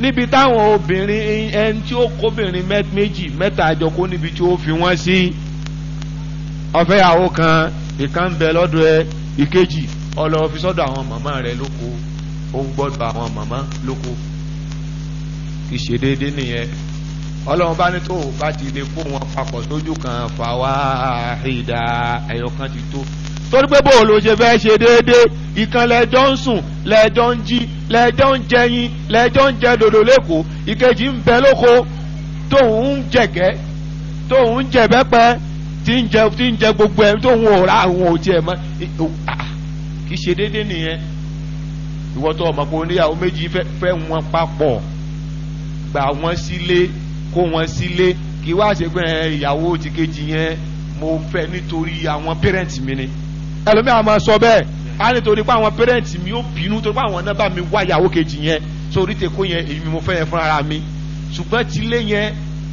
níbi táwọn obìnrin ẹni tí ó kóbìnrin méjì mẹ́ta àjọ kó níbi tí ó fi wọ́n sí ọ̀fẹ́yàwó kan ìkan bẹ lọ́dọ̀ ẹ ìkejì ọlọ́wọ́ fi sọ́dọ̀ àwọn màmá rẹ lóko ó gbọ́dọ̀ àwọn màmá lóko kì í ṣe déédéé nìyẹn ọlọ́run bá ní tó o bá ti lè kó wọn papọ̀ sójú kan fà wá ìdá ẹ̀yọ̀ kan ti tó torí pé bóò ló ṣe fẹ́ ṣe déédéé ìkan lẹ́jọ́ ń sùn lẹ́jọ́ ń jí lẹ́jọ́ ń jẹyin lẹ́jọ́ ń jẹ dòdò lẹ́kọ̀ọ́ ìkejì ń bẹ lóko tóun ń jẹ̀gẹ́ tóun ń jẹ̀bẹ́pẹ́ tí ń jẹ tí ń jẹ gbogbo ẹ̀ tóun ò rà àwọn ò tiẹ̀ mọ́ ah, kì í ṣe déédéé nìyẹn ìwọ́tọ̀ ọmọkùnrin níyàwó méjì fẹ́ wọn papọ̀ gbà wọ́n sílé. Si kó wọn sílé kí wá ṣe pé ìyàwó ti kejì yẹn mo fẹ́ nítorí àwọn pẹrẹntì mi ni ẹlòmí àwọn máa sọ bẹ́ẹ̀ á nítorí pé àwọn pẹrẹntì mi ó bínú torí pé àwọn náà bá mi wá ìyàwó kejì yẹn sórí tèkó yẹn èmi mo fẹ́ yẹn fúnra mi ṣùgbọ́n tilé yẹn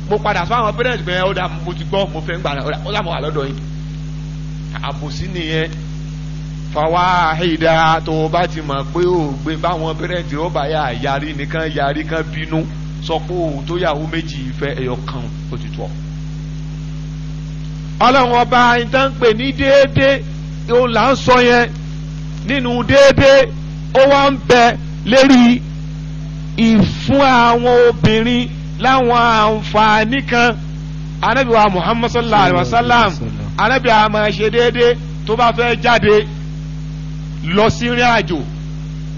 mo padà sọ àwọn pẹrẹntì mi yẹn mo ti gbọ́ mo fẹ́ gbà náà ó dà mo wà lọ́dọ̀ yìí àbòsí nìyẹn fàwáhídà tó o bá ti mọ̀ pé o gbé báwọn pẹrẹntì ó bá yà yarí nìkan yarí kan bínú sọ pé òun tó yàwó méjì ìfẹ́ ẹyọ kan ó ti tọ́ ọlọ́run ọba ìtànpè ní déédéé òun là ń sọ yẹn nínú déédéé ó wá ń bẹ lérí ìfún àwọn obìnrin láwọn àǹfààní kan ànábì wa muhammad sallallahu alaihi wa sallam ànábì a máa ṣe déédéé tó bá fẹ́ jáde lọ sí ìrìn àjò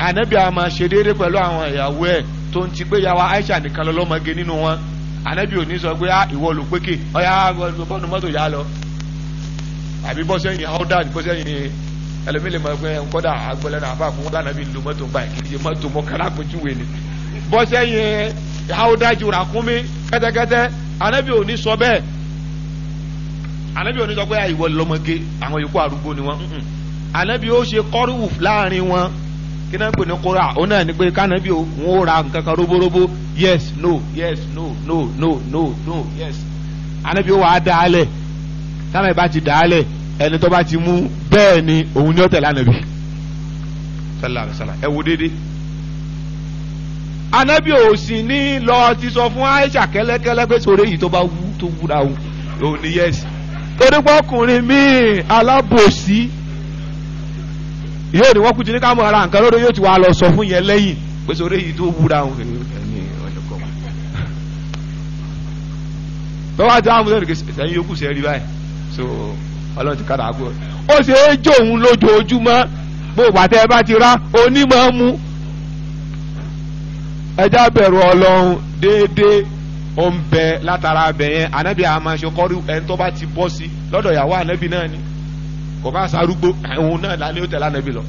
ànábì a máa ṣe déédéé pẹ̀lú àwọn ìyàwó ẹ̀ tó ń ti pé yàwá Aisha nìkan lọ́lọ́mọge nínú wọn anabi ò sọ pé ah, ìwọ bọ́ọ̀nù mọ́tò yà lọ àbí bọ́sẹ̀ yìí howdard bọ́sẹ̀ yìí mọ̀ pé nkọ́dà agbọ́lẹ̀ náà àbá fún lu mọ́tò kì í ṣe mọ́tò mọ́kànlá ni bọ́sẹ̀ yìí kẹ́tẹ́kẹ́tẹ́ anabi sọ bẹ́ẹ̀ anabi sọ pé ah, ìwọ lọ́mọge àwọn yòókù kíná pè ní kóra òun náà ni pé kánábì o ń ra nǹkan kan roborobo yes no yes no no no no no yes ànábì ó wà á dá alẹ̀ táwọn ìbá ti dá alẹ̀ ẹni tó bá ti mú bẹ́ẹ̀ ni òun ni ó tẹ̀lé ànábì sallallahu alaihi wasallam ẹ wo déédéé ànábì ò sì ní lọ ti sọ fún Aisha kẹ́lẹ́kẹ́lẹ́ pé sọ̀rọ̀ èyí tó bá wú tó wúra o òun ni yes torí pọ́kùnrin míì alábòsí yóò ní wọ́n kú ti ní ká mọ̀ ara nǹkan lọ́dọ̀ yóò ti wà lọ sọ fún yẹn lẹ́yìn pé sọ réyìí tó wúra òun kì í ẹni ọ̀lẹ́kọ̀ wa. tọ́wọ́ àti àwọn ọmọdé sẹ́yìn yókù sẹ́yìn báyìí so ọlọ́run ti kádà àgbo ó ṣe é jó òun lójoojúmọ́ bó bàtẹ́ bá ti rá onímọ̀ mú ẹjá bẹ̀rù ọlọ́run déédéé ó ń bẹ látara bẹ̀yẹn ànábì àmàṣe kọ́rí bá ti bọ́ sí lọ́dọ̀ ìyàwó kò bá sarúgbó òun náà lálẹ́ ó tẹ̀lé ànábì lọ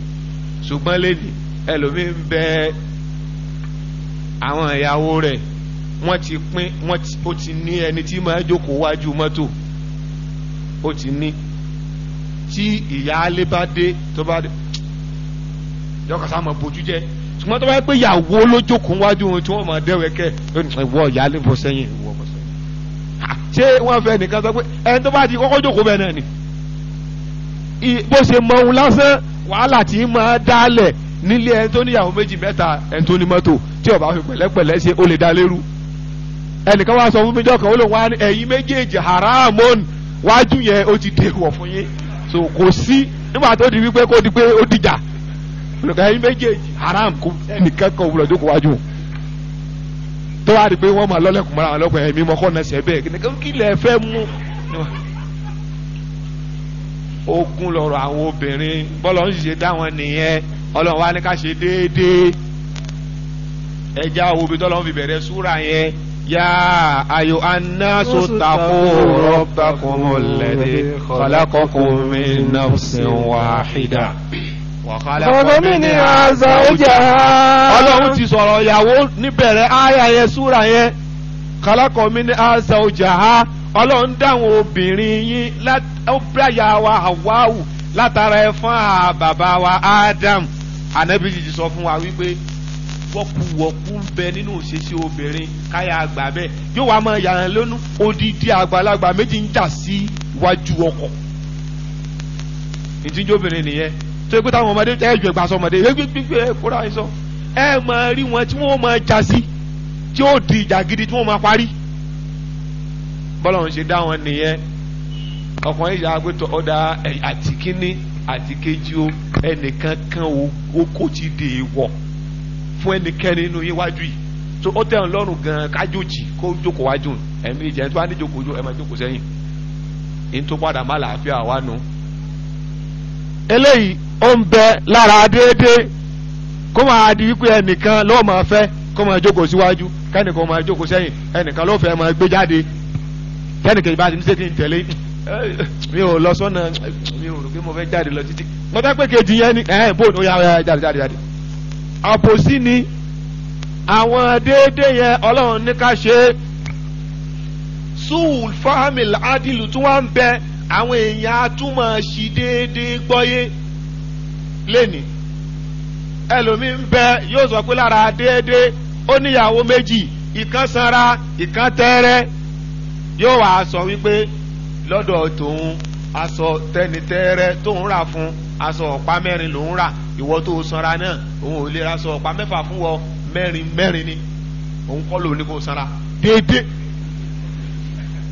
ṣùgbọ́n lẹ́nu ẹlòmíín bẹ àwọn ìyàwó rẹ̀ wọ́n ti pín wọ́n ti ó ti ní ẹni tí máa jókòó wájú mọ́tò ó ti ní tí ìyáálé bá dé tó bá dé yọkọ̀ sá mọ̀ bójú jẹ́ ṣùgbọ́n tó bá yẹ pé ìyàwó ló jókòó wájú wọn tí wọ́n máa dẹ́wẹ̀kẹ́ ìwọ ìyáálé bọ́ sẹ́yìn ìwọ bọ́ sẹ́yìn ṣé wọ́n fẹ́ nìkan sọ pé ẹni tó bá ti kọ́kọ́ jókòó bẹ́ẹ̀ náà ni. bó ṣe mọ ohun lásán wàhálà tí máa dálẹ̀ nílé ẹni tó níyàwó méjì mẹ́ta ẹni tó ní mọ́tò tí ó bá fi pẹ̀lẹ́pẹ̀lẹ́ ṣe ó lè dá lérú ẹnìkan wá sọ fún mi jọkàn ó lè wá ní méjèèjì haramon wájú yẹn ó ti dé wọ̀ fún yín so kò sí nígbà tó di wípé kó di pé ó dìjà olùkọ́ méjèèjì haram ẹnìkan kan òwúrọ̀ jókòó wájú tó wá di pé wọ́n máa okun lọ́rọ̀ àwọn obìnrin bọ́lọ̀ ń ṣiṣẹ́ dáwọn nìyẹn ọlọ́run wa ní ká ṣe déédéé ẹja wo bi tọ́lọ́run fi bẹ̀rẹ̀ súra yẹn yá ayò anáṣọ tako rọ́bàkùnmọ̀lẹ́dẹ́ kọ́lákọ́kùnrin nafsin wàhídà. Ọ̀dọ́ mi ni àzà ó jẹ́ ọlọ́run ti sọ̀rọ̀ ìyàwó níbẹ̀rẹ̀ áyà yẹn súra yẹn kọ́lákọ̀ọ́ mi ni àzà ó ha ọlọ́run dáhùn obìnrin yín ọ̀bíráyà wa Hawáwù látara ẹ̀fọn bàbá wa Ádámù ànábì jìjì sọ fún wa wípé wọ́kùwọ́kù ń bẹ nínú òṣèṣe obìnrin káyà àgbà bẹ́ẹ̀ yóò wá máa yàrá lónú odidi àgbàlagbà méjì ń jà sí iwájú ọkọ̀ ìdíjú obìnrin nìyẹn tó ẹgbẹ́ táwọn ọmọdé ẹ jù ẹgbàá sọ ọmọdé gbígbé kóra ẹ sọ ẹ máa rí wọn tí wọ́n máa jà sí tí ó di ìjà gidi tí wọ́n máa parí bọ́lá òun ṣe dá wọn nìyẹn ọkùnrin yìí àgbẹ̀tọ̀ ọ̀dà àti kínní àti kejì o ẹnìkan kan o ó kò tí dè é wọ̀ fún ẹnikẹ́ni nínú iwájú yìí tó ó tẹ̀ ń lọ́rùn gan-an kájòjì kó jókòó wájú ẹ̀mí ìjẹ́ tó wá ní jókòó ẹ̀ máa jókòó sẹ́yìn ní tó padà má làáfíà wá nu. eléyìí ó ń bẹ lára déédéé kó máa di wípé ẹnìkan ló máa fẹ́ kó máa jókòó síwájú kẹ́nìkan máa jókòó sẹ́yìn ẹnìkan ló fẹ́ máa gbé jáde tẹnikẹ́ni bá ti ní sẹ́kì ń tẹ̀lé mi ò lọ sọ́nà mi ò rò pé mo fẹ́ jáde lọ títí mo fẹ́ pé kejì yẹn ni ẹ̀ bó o yà jáde jáde jáde àbòsí ni àwọn déédéé yẹn ọlọ́run ní ká ṣe é suul fahamil adilu tí wọ́n ń bẹ àwọn èèyàn atúmọ̀ sí déédéé gbọ́yé lẹ́ni ẹlòmí ń bẹ yóò sọ pé lára déédéé ó níyàwó méjì ìkan sanra ìkan tẹ́rẹ́ yóò wá sọ wípé lọ́dọ̀ tòun aṣọ tẹnitẹ́rẹ́ tóun rà fún aṣọ ọ̀pá mẹ́rin lòun rà ìwọ tó sanra náà òun ò lè ra aṣọ ọ̀pá mẹ́fà fún wọ mẹ́rin mẹ́rin ni òun kọ́ lòun ní kò sanra déédé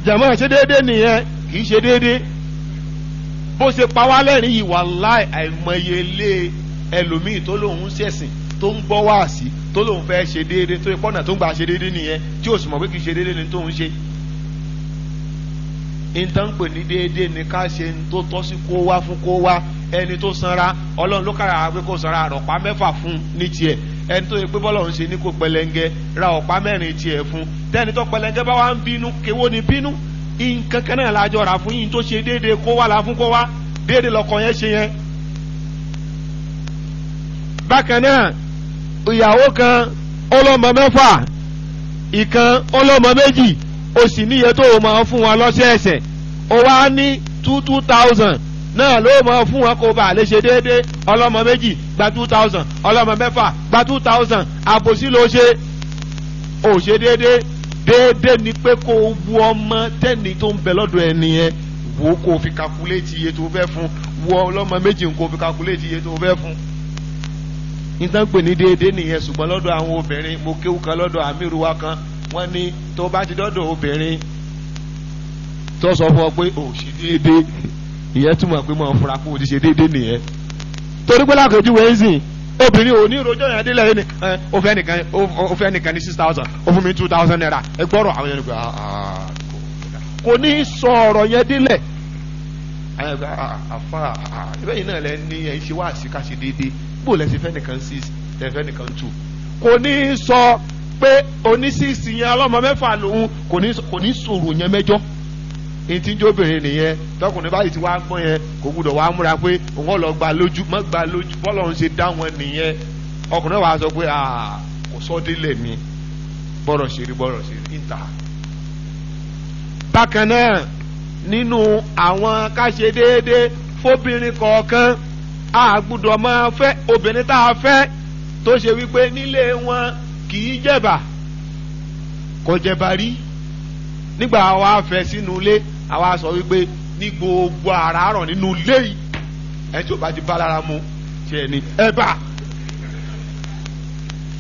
jàmọ́ ṣe déédé nìyẹn kì í ṣe déédé bó ṣe pa wá lẹ́rìn yìí wàláì àìmọye lé ẹlòmíì tó lòun ṣẹ̀sìn tó ń gbọ́ wáàsí tó lòun fẹ́ ṣe déédé tó ipọ́nà tó ń gbà ṣe déédé nìyẹn tí ò sì mọ̀ pé kì í ṣe déédé ni tóun ṣe nǹkan pè ní déédéé ni ká ṣe ní tó tọ́ sí fún kó wá ẹni tó sanra ọlọ́run ló kára pé kó sanra àrọ̀pá mẹ́fà fún ní tiẹ̀ ẹni tó yẹ pé bọ́lọ̀ ń ní kó pẹlẹngẹ ra ọ̀pá mẹ́rin tiẹ̀ fún tẹ́ni tó pẹlẹngẹ bá ń bínú kéwó ni bínú nǹkan fún yín tó ṣe déédéé kó wá la fún kó wá déédéé lọkọ yẹn ṣe yẹn. bákan náà kan ọlọ́mọ mẹ́fà o sì níye tó o máa fún wọn lọ́sẹ̀ẹ̀sẹ̀ o wá ní two two thousand náà ló máa fún wọn kó bá lè ṣe déédéé ọlọ́mọ méjì gba two thousand ọlọ́mọ mẹ́fà gba two thousand àbòsí ló ṣe ò ṣe déédéé déédéé ni pé kó o wu ọmọ tẹ́ni tó ń bẹ lọ́dọ̀ ẹni yẹn wo kó o fi kakuléètì iye tó fẹ́ fún wo ọlọ́mọ méjì kó o fi kakuléètì iye tó fẹ́ fún nítorí pé ní déédéé nìyẹn ṣùgbọ́n lọ́dọ̀ àwọn obìnrin mo kéwù kan lọ́dọ̀ àmì wọ́n ní tó bá ti dọ́dọ̀ obìnrin tó sọ fún ọ pé ò oh, ṣe déédéé ìyẹn túmọ̀ pé mọ̀ fura kó o ti ṣe déédéé nìyẹn torí pé lákòójú wẹ́ńsìn obìnrin ò ní rojọ́ yẹn délẹ̀ yẹn ni ó fẹ́ nìkan ó fẹ́ nìkan ní six thousand ó fún mi two thousand naira ẹ gbọ́rọ̀ àwọn yẹn ni pé ah, kò ní sọ ọ̀rọ̀ yẹn délẹ̀ àwọn ẹgbẹ́ ah, ah, àfa ẹgbẹ́ yìí náà lẹ ní ẹ ṣe wá àṣìkáṣe déédéé bó lẹ ṣe fẹ́ nìkan six ẹ fẹ́ nìkan two kò ní sọ pé onísìsì yẹn ọlọ́mọ mẹ́fà lòun kò ní sọ̀rọ̀ yẹn mẹ́jọ ètí ń jóbìnrin nìyẹn tọkùnrin báyìí ti wá gbọ́n yẹn kò gbúdọ̀ wá múra pé òun ò lọ gba lójú mọ́ gba lójú bọ́lọ̀ ń ṣe dá wọn nìyẹn ọkùnrin wàá sọ pé kò sọ́dílẹ̀ mi bọ́rọ̀ ṣe rí bọ́rọ̀ ṣe níta. bákan náà nínú àwọn káṣe déédéé fóbìnrin kọ̀ọ̀kan a gbúdọ̀ máa fẹ́ obìnrin tá a fẹ́ tó ṣe wípé nílé wọn kì í jẹ̀bà kò jẹ̀bà rí nígbà wa fẹ́ sínú ilé àwa sọ wípé ní gbogbo àràárọ̀ nínú ilé yìí ẹni tí o bá ti bá lára mu tiẹ̀ ni ẹ bá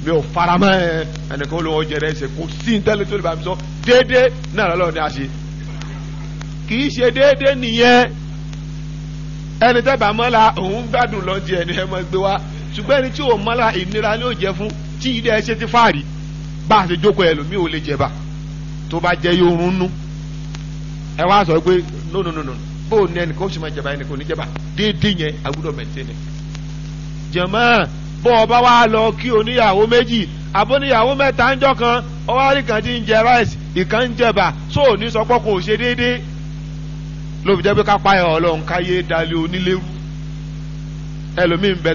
mi ò faramọ́ ẹ ẹnìkan ló wọ́n jẹrẹ ẹsẹ̀ kò sí ntẹ́lẹ̀ tó lè bá mi sọ déédéé náà lọ́lọ́ ni a ṣe kì í ṣe déédéé nìyẹn ẹni tẹ́ bá mọ́la òun gbádùn lọ́ọ́ di ẹni ẹ mọ́ gbé wa ṣùgbọ́n ẹni tí ò mọ́la ìnira ni ó jẹ fún tí ilé ẹ ti fáàrí bá a ṣe jókòó ẹlòmíì ò lè jẹba tó bá jẹ yóò rún nú ẹ wá sọ pé no no no no o ní ẹnìkan ó sì máa jẹba ẹnìkan ò ní jẹba déédéé yẹn agbúdọ̀ mẹ̀tẹ́nì jẹ̀mọ́ bọ́ ọ bá lọ kí oníyàwó méjì àbóníyàwó ń jọ kan ti ń jẹ ráìsì ìkan ń jẹba só ò ní sọ pé kò pa káyé bẹ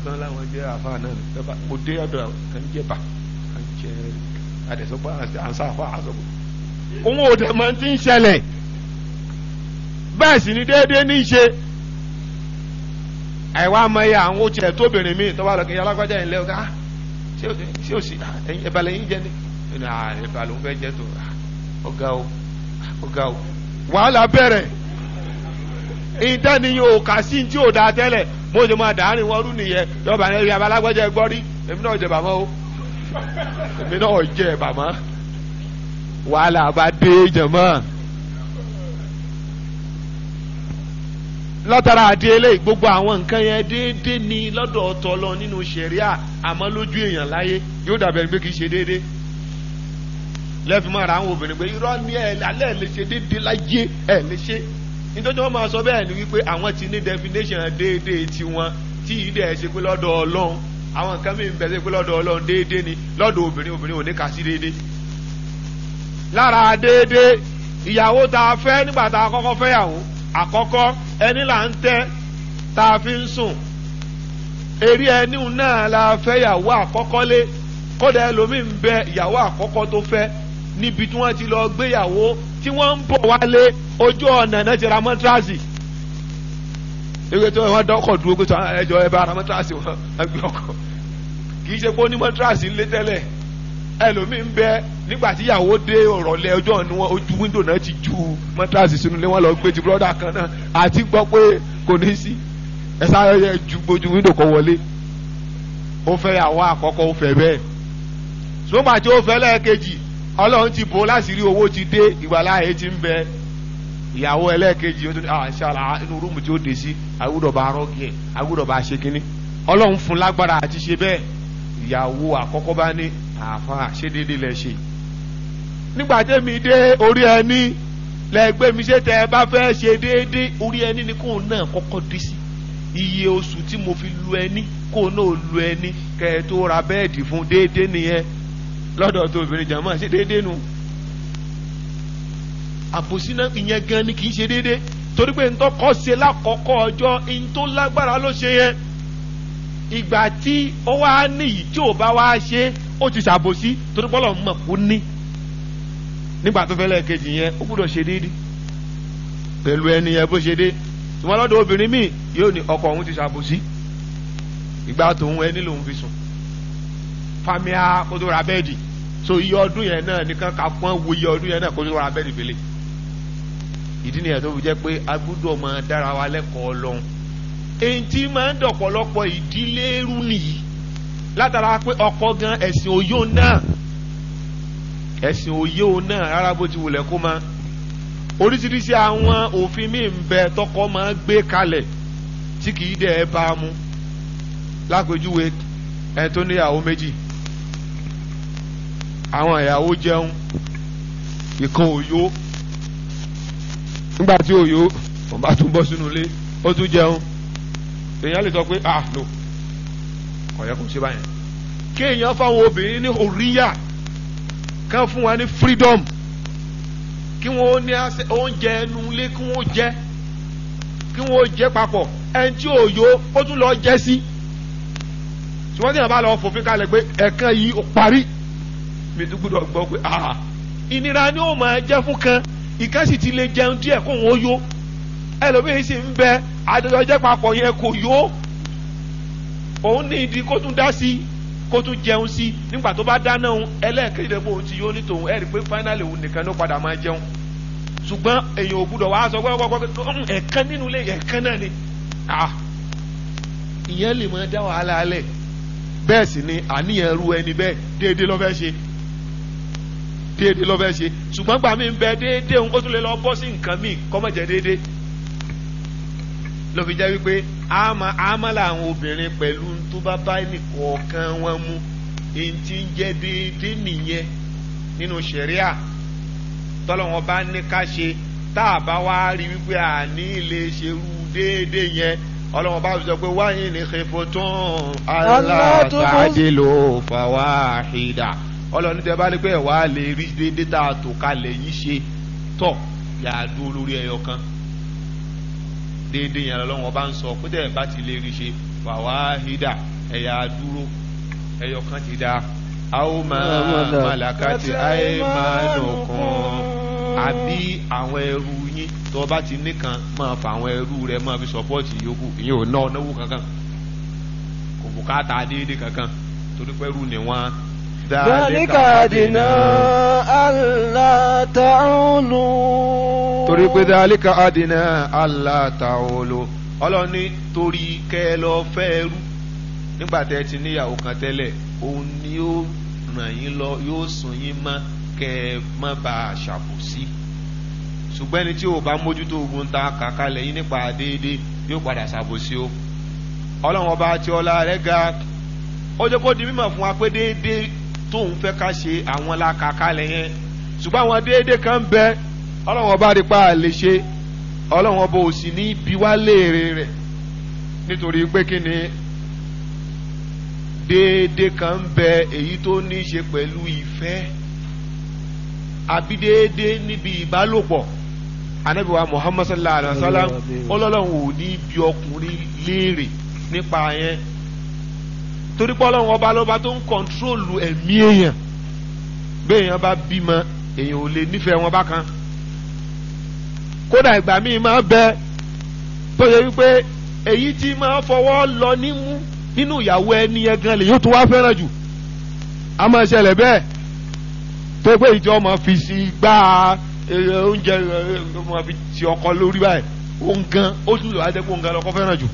àwọn tó ń láwọn jẹ́ àfa náà ni mo dé ọ̀dọ̀ kan jẹ́ bà kan jẹ́ àdẹ̀sọ́pọ̀ àǹsá àfa àsọ̀bọ̀. òun ò dẹ̀ máa ti ń ṣẹlẹ̀ bẹ́ẹ̀ sì ni déédéé ní í ṣe àìwá amẹ́yẹ àwọn oṣù tóbìnrin míì tó bá lọ kí yàrá gbọ́dọ̀ ẹ̀ lẹ́wọ́ ṣé o sì ah, ẹ̀bàlẹ̀ yín jẹ́ ni ah, ẹ̀bàlẹ̀ òun fẹ́ jẹ́ tó ah, ọ̀gá o ọ̀gá o wàhálà bẹ̀rẹ̀ ìdániyàn ò kà sí ní ò dáa tẹ́lẹ̀ bó ṣe máa dàárín wọn rú nìyẹn yọba ní ẹbí abalágbẹ́jẹ gbọ́ rí èmi náà jẹ bàmọ́ o èmi náà jẹ bàmọ́ wàhálà bá dé jẹ̀mọ́. látara àti eléyìí gbogbo àwọn nǹkan yẹn déédéé ni lọ́dọ̀ ọ̀tọ̀ lọ nínú ṣẹ̀ríà àmọ́ lójú èèyàn láyé yóò dàbẹ̀ pé kìí ṣe déédéé lẹ́ẹ̀fì máa ra àwọn obìnrin pé irọ́ ni ẹ̀ alẹ́ lè ṣe déédéé láyé ẹ̀ lè ṣe nítorí wọ́n máa sọ bẹ́ẹ̀ ni wípé àwọn ti ní definition déédéé tiwọn tí yìí dẹ̀ ṣe pé lọ́dọ̀ ọlọ́run àwọn nǹkan mìíràn bẹ̀ ṣe pé lọ́dọ̀ ọlọ́run déédéé ni lọ́dọ̀ obìnrin obìnrin ò ní kà sí déédéé. lára déédéé ìyàwó tá a fẹ́ nígbà tá a kọ́kọ́ fẹ́yàwó àkọ́kọ́ ẹni là ń tẹ́ tá a fi ń sùn eré ẹni náà la fẹ́yàwó àkọ́kọ́ lé kódà ẹlòmíín bẹ ìyàwó àkọ́kọ́ tó fẹ́ níbi tí wọ́n ti lọ gbéyàwó tí wọ́n ń bọ̀ wálé ojú ọ̀nà náà ti ra mọ́tírasì ìgbésẹ̀ wọn dọ́kọ̀ dúró pé ẹjọ́ ẹ bá ra mọ́tírasì wọn ẹgbẹ́ ọkọ̀ kì í ṣe pé ó ní mọ́tírasì ńlé tẹ́lẹ̀ ẹlòmíín bẹ nígbà tí ìyàwó dé ọ̀rọ̀lẹ́ ojú ọ̀nà wọn ojú wíńdò náà ti ju mọ́tírasì sínú ilé wọn lọ gbé ti búrọ́dà kan náà àti gbọ́ pé kò ní sí ẹ sáré yẹ ju gbojú wíńdò kọ wọlé ó fẹ́ yàwó àkọ́kọ́ ó fẹ́ bẹ́ẹ̀ sọ́gbà tí ó fẹ́ lẹ́ẹ̀kejì ọlọ́run ti bo láti rí owó ti dé ìgbàláyé ti ń bẹ ìyàwó ẹlẹ́ẹ̀kejì ó tún àṣàlà ah, ah, inú rúùmù tí ó dé sí àgùdọ̀ bá rọ́ọ̀kì ẹ̀ àgùdọ̀ bá ṣe kínní ọlọ́run fún lágbára àti ṣe bẹ́ẹ̀ ìyàwó àkọ́kọ́ bá ní àfa àṣedédé lẹ ṣe. nígbà tẹ́mi dé orí ẹni lẹ́gbẹ́ mi ṣe tẹ́ ẹ bá fẹ́ ṣe déédé orí ẹni ni kóun náà kọ́kọ́ dé sí iye oṣù tí mo fi lu ẹni kóun náà lu ẹni kẹ́ ẹ tó ra bẹ́ẹ̀dì fún déédé nìyẹn lọ́dọ̀ tó obìnrin jàmọ́ ṣe déédéé nu àbòsí náà ìyẹn gan ni kì í ṣe déédéé torí pé ntọ́ kọ́ ṣe lákọ̀ọ́kọ́ ọjọ́ ntó lágbára ló ṣe yẹn ìgbà tí ó wá níyì tí ò bá wá ṣe ó ti ṣàbòsí torí pọ́lọ̀ mọ̀ kó ní nígbà tó fẹ́lẹ́ kejì yẹn ó gbúdọ̀ ṣe déédéé pẹ̀lú ẹni yẹn bó ṣe dé ìwọ́n lọ́dọ̀ obìnrin míì yóò ní ọkọ òun ti ṣàbòsí ìgbà tòun ẹni lòun fi sùn famia kó tó ra bẹ́ẹ̀dì so iye ọdún yẹn náà nìkan ká pọ́n wo iye ọdún yẹn náà kó tó ra bẹ́ẹ̀dì fèlè ìdí nìyẹn tó fi jẹ́ pé a gbọ́dọ̀ máa dára wa lẹ́kọ̀ọ́ lọ́hùn èyí tí máa ń dọ̀pọ̀lọpọ̀ ìdílé rú nìyí látara pé ọkọ gan ẹ̀sìn òye òun náà ẹ̀sìn òye òun náà rárá bó ti wulẹ̀ kó máa oríṣiríṣi àwọn òfin míì ń bẹ tọkọ máa gbé kalẹ̀ tí kìí dẹ̀ ẹ bá a mú lápèjúwe ẹ tó níyàwó méjì àwọn ìyàwó jẹun ìkan òyó nígbà tí òyó wọn bá tún bọ́ sínú ilé ó tún jẹun èèyàn lè sọ pé ah no ọ̀yẹ́ kò ṣe báyẹn kéèyàn fáwọn obìnrin ní òríyà kán fún wa ní freedom kí wọ́n ní oúnjẹ ẹnu ilé kí wọ́n jẹ kí wọ́n jẹ papọ̀ ẹni tí òyó ó tún lọ jẹ sí ṣùgbọ́n tí wọ́n bá lọ fòfin kalẹ̀ pé ẹ̀kan yìí ó parí mi tún gbọ́dọ̀ gbọ́ pé ah ìnira ni ó máa jẹ́ fún kan ìkan sì ti lè jẹun díẹ̀ kó wọn yó ẹlòmíì sì ń bẹ àjọyọ̀ jẹ́ papọ̀ yẹn kò yó òun ní ìdí kó tún dá sí i kó tún jẹun sí i nígbà tó bá dáná òun ẹlẹ́ẹ̀kejì pé òun ti yó ní tòun ẹ̀rí pé fáínàlì òun nìkan ló padà máa jẹun ṣùgbọ́n èèyàn ò gbúdọ̀ wá sọ gbọ́gbọ́gbọ́ ẹ̀kan nínú ilé ẹ̀kan náà ni ah, ìyẹn lè máa dá wàhálà alẹ̀ bẹ́ẹ̀ sì ni àníyàn ru ẹni bẹ́ẹ̀ déédéé lọ́fẹ́ ṣe déédéé lọ́fẹ́ ṣe ṣùgbọ́n gbà mí ń bẹ déédéé òun kó tún lè lọ bọ́ sí nǹkan míì kọ́mọ̀jẹ́ déédéé ló jẹ́ wípé àmàlà àwọn obìnrin pẹ̀lú tó bá bá nìkọ̀ọ̀kan wọn mu èyí ń jẹ́ déédéé nìyẹn nínú ṣẹ̀ríà tọ́lọ́wọ́n bá ní ká ṣe tá a bá wá rí wípé àní lè ṣerú déédéé yẹn ọlọ́run bá sọ pé wáyé ní kẹfọ́ tún aláàtàdé ló fà wá àhídà ọlọ́ni tẹ bá ní pé ẹ̀wá lè rí déédéé tá a tò kalẹ̀ yìí ṣe tọ̀ yàá dúró lórí ẹyọ kan déédéé yẹn lọ́wọ́ bá ń sọ pé tẹ̀ bá ti lè rí ṣe fàwáhídà ẹ̀yà dúró ẹyọ kan ti dáa àwọn màlàkàtì àìmánukùn àbí àwọn ẹrú yín tó bá ti nìkan máa fa àwọn ẹrú rẹ máa fi sọpọ́ọ̀tì yòókù ìyẹn ò ná ọ̀náwó kankan kò bùkátà déédéé kankan torí pẹ́rù ni wọ́n á. ذلك أدنى ألا تعولوا torí pé ذلك أدنى ألا تعولوا ní torí nígbà ti níyàwó kan tẹ́lẹ̀ òun ni ó ràn yín lọ yóò sùn yín mọ́ kẹ́ ẹ má ba ṣùgbọ́n ẹni tí ò bá mójútó ogun ta kàkálẹ̀ yín nípa déédéé yóò padà ṣàbòsí o ọba àti ọlá ga fún wa pé déédéé tóun fẹ́ ká ṣe àwọn la kà kalẹ̀ yẹn ṣùgbọ́n àwọn déédéé kan bẹ ọlọ́wọ́n bá rí pa àlè ṣe ọlọ́wọ́n bó o sì ní bí wá léèrè rẹ̀ nítorí pé kí ni déédéé kan bẹ èyí tó ní í ṣe pẹ̀lú ìfẹ́ àbí déédéé níbi ìbálòpọ̀ anabi wa muhammad sallallahu alaihi wa sallam ọlọ́lọ́wọ́n ò ní bí ọkùnrin léèrè nípa yẹn torí pé ọlọ́run ọba lọ́ba tó ń kọ́ńtrólù ẹ̀mí èèyàn béèyàn bá bímọ èèyàn ò lè nífẹ̀ẹ́ wọn bákan kódà ìgbà míì máa bẹ tó yẹ wípé èyí tí máa fọwọ́ lọ nímú nínú ìyàwó ẹni yẹn gan lè yóò tún wá fẹ́ràn jù a máa ṣẹlẹ̀ bẹ́ẹ̀ tó pé ìjọ ọmọ fi sí gbá e, oúnjẹ ọmọ e, e, fi ti ọkọ lórí báyìí ó ń gan ó tún lè wá ń gan lọ́kọ́ fẹ́ràn jù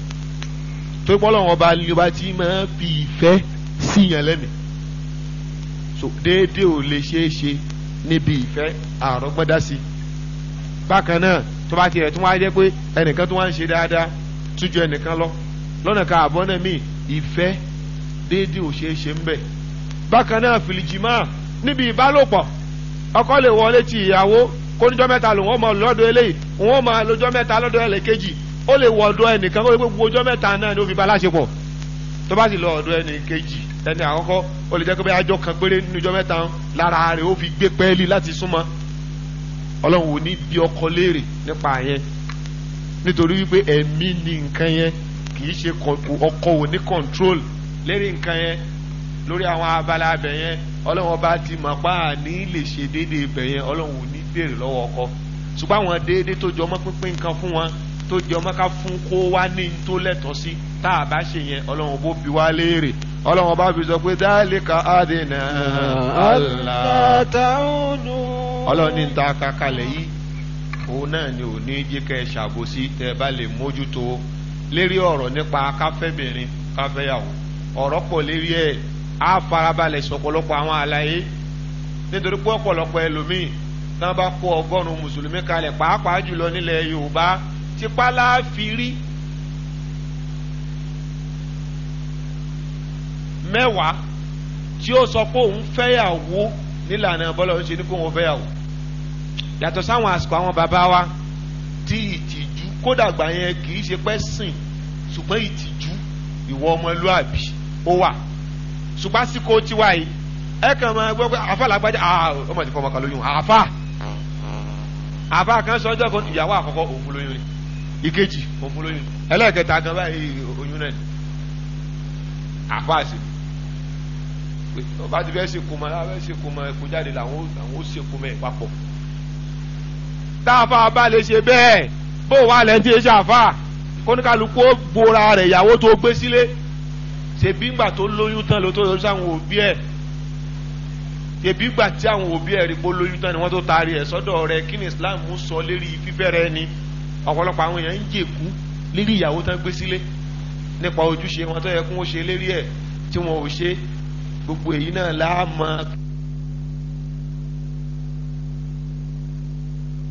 torí pé ọlọ́run ọba ni ọba tí máa fi ìfẹ́ sí yàn lẹ́nu so déédéé ò lè ṣeé ṣe níbi ìfẹ́ àrọ́gbọ́dá sí bákan náà tó bá tiẹ̀ tó wá jẹ́ pé ẹnìkan tó wá ń ṣe dáadáa tújú ẹnìkan lọ lọ́nà kan àbọ̀ náà mí ìfẹ́ déédéé ò ṣeé ṣe ń bẹ̀ bákan náà fìlìjìmá níbi ìbálòpọ̀ ọkọ lè wọlé ti ìyàwó kóníjọ́ mẹ́ta lòun ó máa lọ́dọ̀ eléyìí òun ó máa lọ́jọ́ mẹ́ta lọ́dọ̀ ẹlẹ́kejì ó lè wọ ọ̀dọ̀ ẹnìkan kó lè gbogbo ọjọ́ mẹ́ta náà ni ó fi bá láṣepọ̀ tó bá sì lọ ọ̀dọ̀ ẹnì kejì ẹni àkọ́kọ́ ó lè jẹ́ pé ajọ́ kan péré nínú ọjọ́ mẹ́ta lára rẹ̀ ó fi gbé pẹ́ẹ́lí láti súnmọ́ ọlọ́run ò ní bí ọkọ léèrè nípa yẹn nítorí wípé ẹ̀mí ni nǹkan yẹn kì í ṣe ọkọ ò ní control lérí nǹkan yẹn lórí àwọn abala abẹ yẹn ọlọ́run ọba ti mọ̀ pa àní lè ṣe déédéé ibẹ̀ yẹn ọlọ́run ò ní béèrè lọ́wọ́ ọkọ ṣùgbọ́n àwọn déédéé tó jọmọ́ pínpín nǹkan fún wọn tó jẹ ọmọ ká fún kó wá ní tó lẹ́tọ̀ọ́ sí tá bá ṣe yẹn ọlọ́run bó bí wá léèrè ọlọ́run bá fi sọ pé dálíkà àdínà aláàtàúnú. ní ta kakalẹ̀ yìí òun náà ni ò ní jẹ́ ṣàbòsí bá lè mójútó lérí ọ̀rọ̀ nípa lérí sọ̀pọ̀lọpọ̀ àwọn àlàyé nítorí ọ̀pọ̀lọpọ̀ ẹlòmíì náà bá tipá la fi rí mẹ́wàá tí ó sọ pé òun fẹ́yàwó nílànà bọ́lá ń ṣe ní kó òun fẹ́yàwó yàtọ̀ sáwọn àsìkò àwọn bàbá wa tí ìtìjú kódà gbà yẹn kì í ṣe pẹ́ sìn ṣùgbọ́n ìtìjú ìwọ ọmọlúàbí ó wà ṣùgbọ́n àsìkò tiwa yìí ẹ kàn máa gbọ́ pé àfa làgbájá ọmọ ti fọmọ lóyún àfa àfa kan sọ ọjọ́ kan ìyàwó àkọ́kọ́ òun lóyún ìkejì mo fún lóyún ẹlẹ́ẹ̀kẹta kan báyìí oyún náà àfáàsì pé wọ́n bá ti fẹ́ ṣe kùmọ̀ láwọn fẹ́ ṣe kùmọ̀ ẹ̀kọ́ jáde làwọn ó ṣe kùmọ̀ ẹ̀ papọ̀ táàfà bá lè ṣe bẹ́ẹ̀ bó wà lẹ́ntì ẹ̀ ṣàfà kóníkàlùkù ó gbóra rẹ̀ ìyàwó tó gbé sílé ṣèbí ńgbà tó lóyún tán ló tó lọ sáwọn òbí ẹ̀ ṣèbí ńgbà tí àwọn òbí ẹ̀ rí pé lóyún tán ni wọ́n tó taari ẹ̀ sọ́dọ̀ rẹ̀ kí ni Islam sọ lérí fífẹ́ rẹ̀ ni ọ̀pọ̀lọpọ̀ àwọn èèyàn ń jèkú lérí ìyàwó tán gbé sílé nípa ojúṣe wọn tó yẹ kó ṣe lérí ẹ̀ tí wọn ò ṣe gbogbo èyí náà láàmú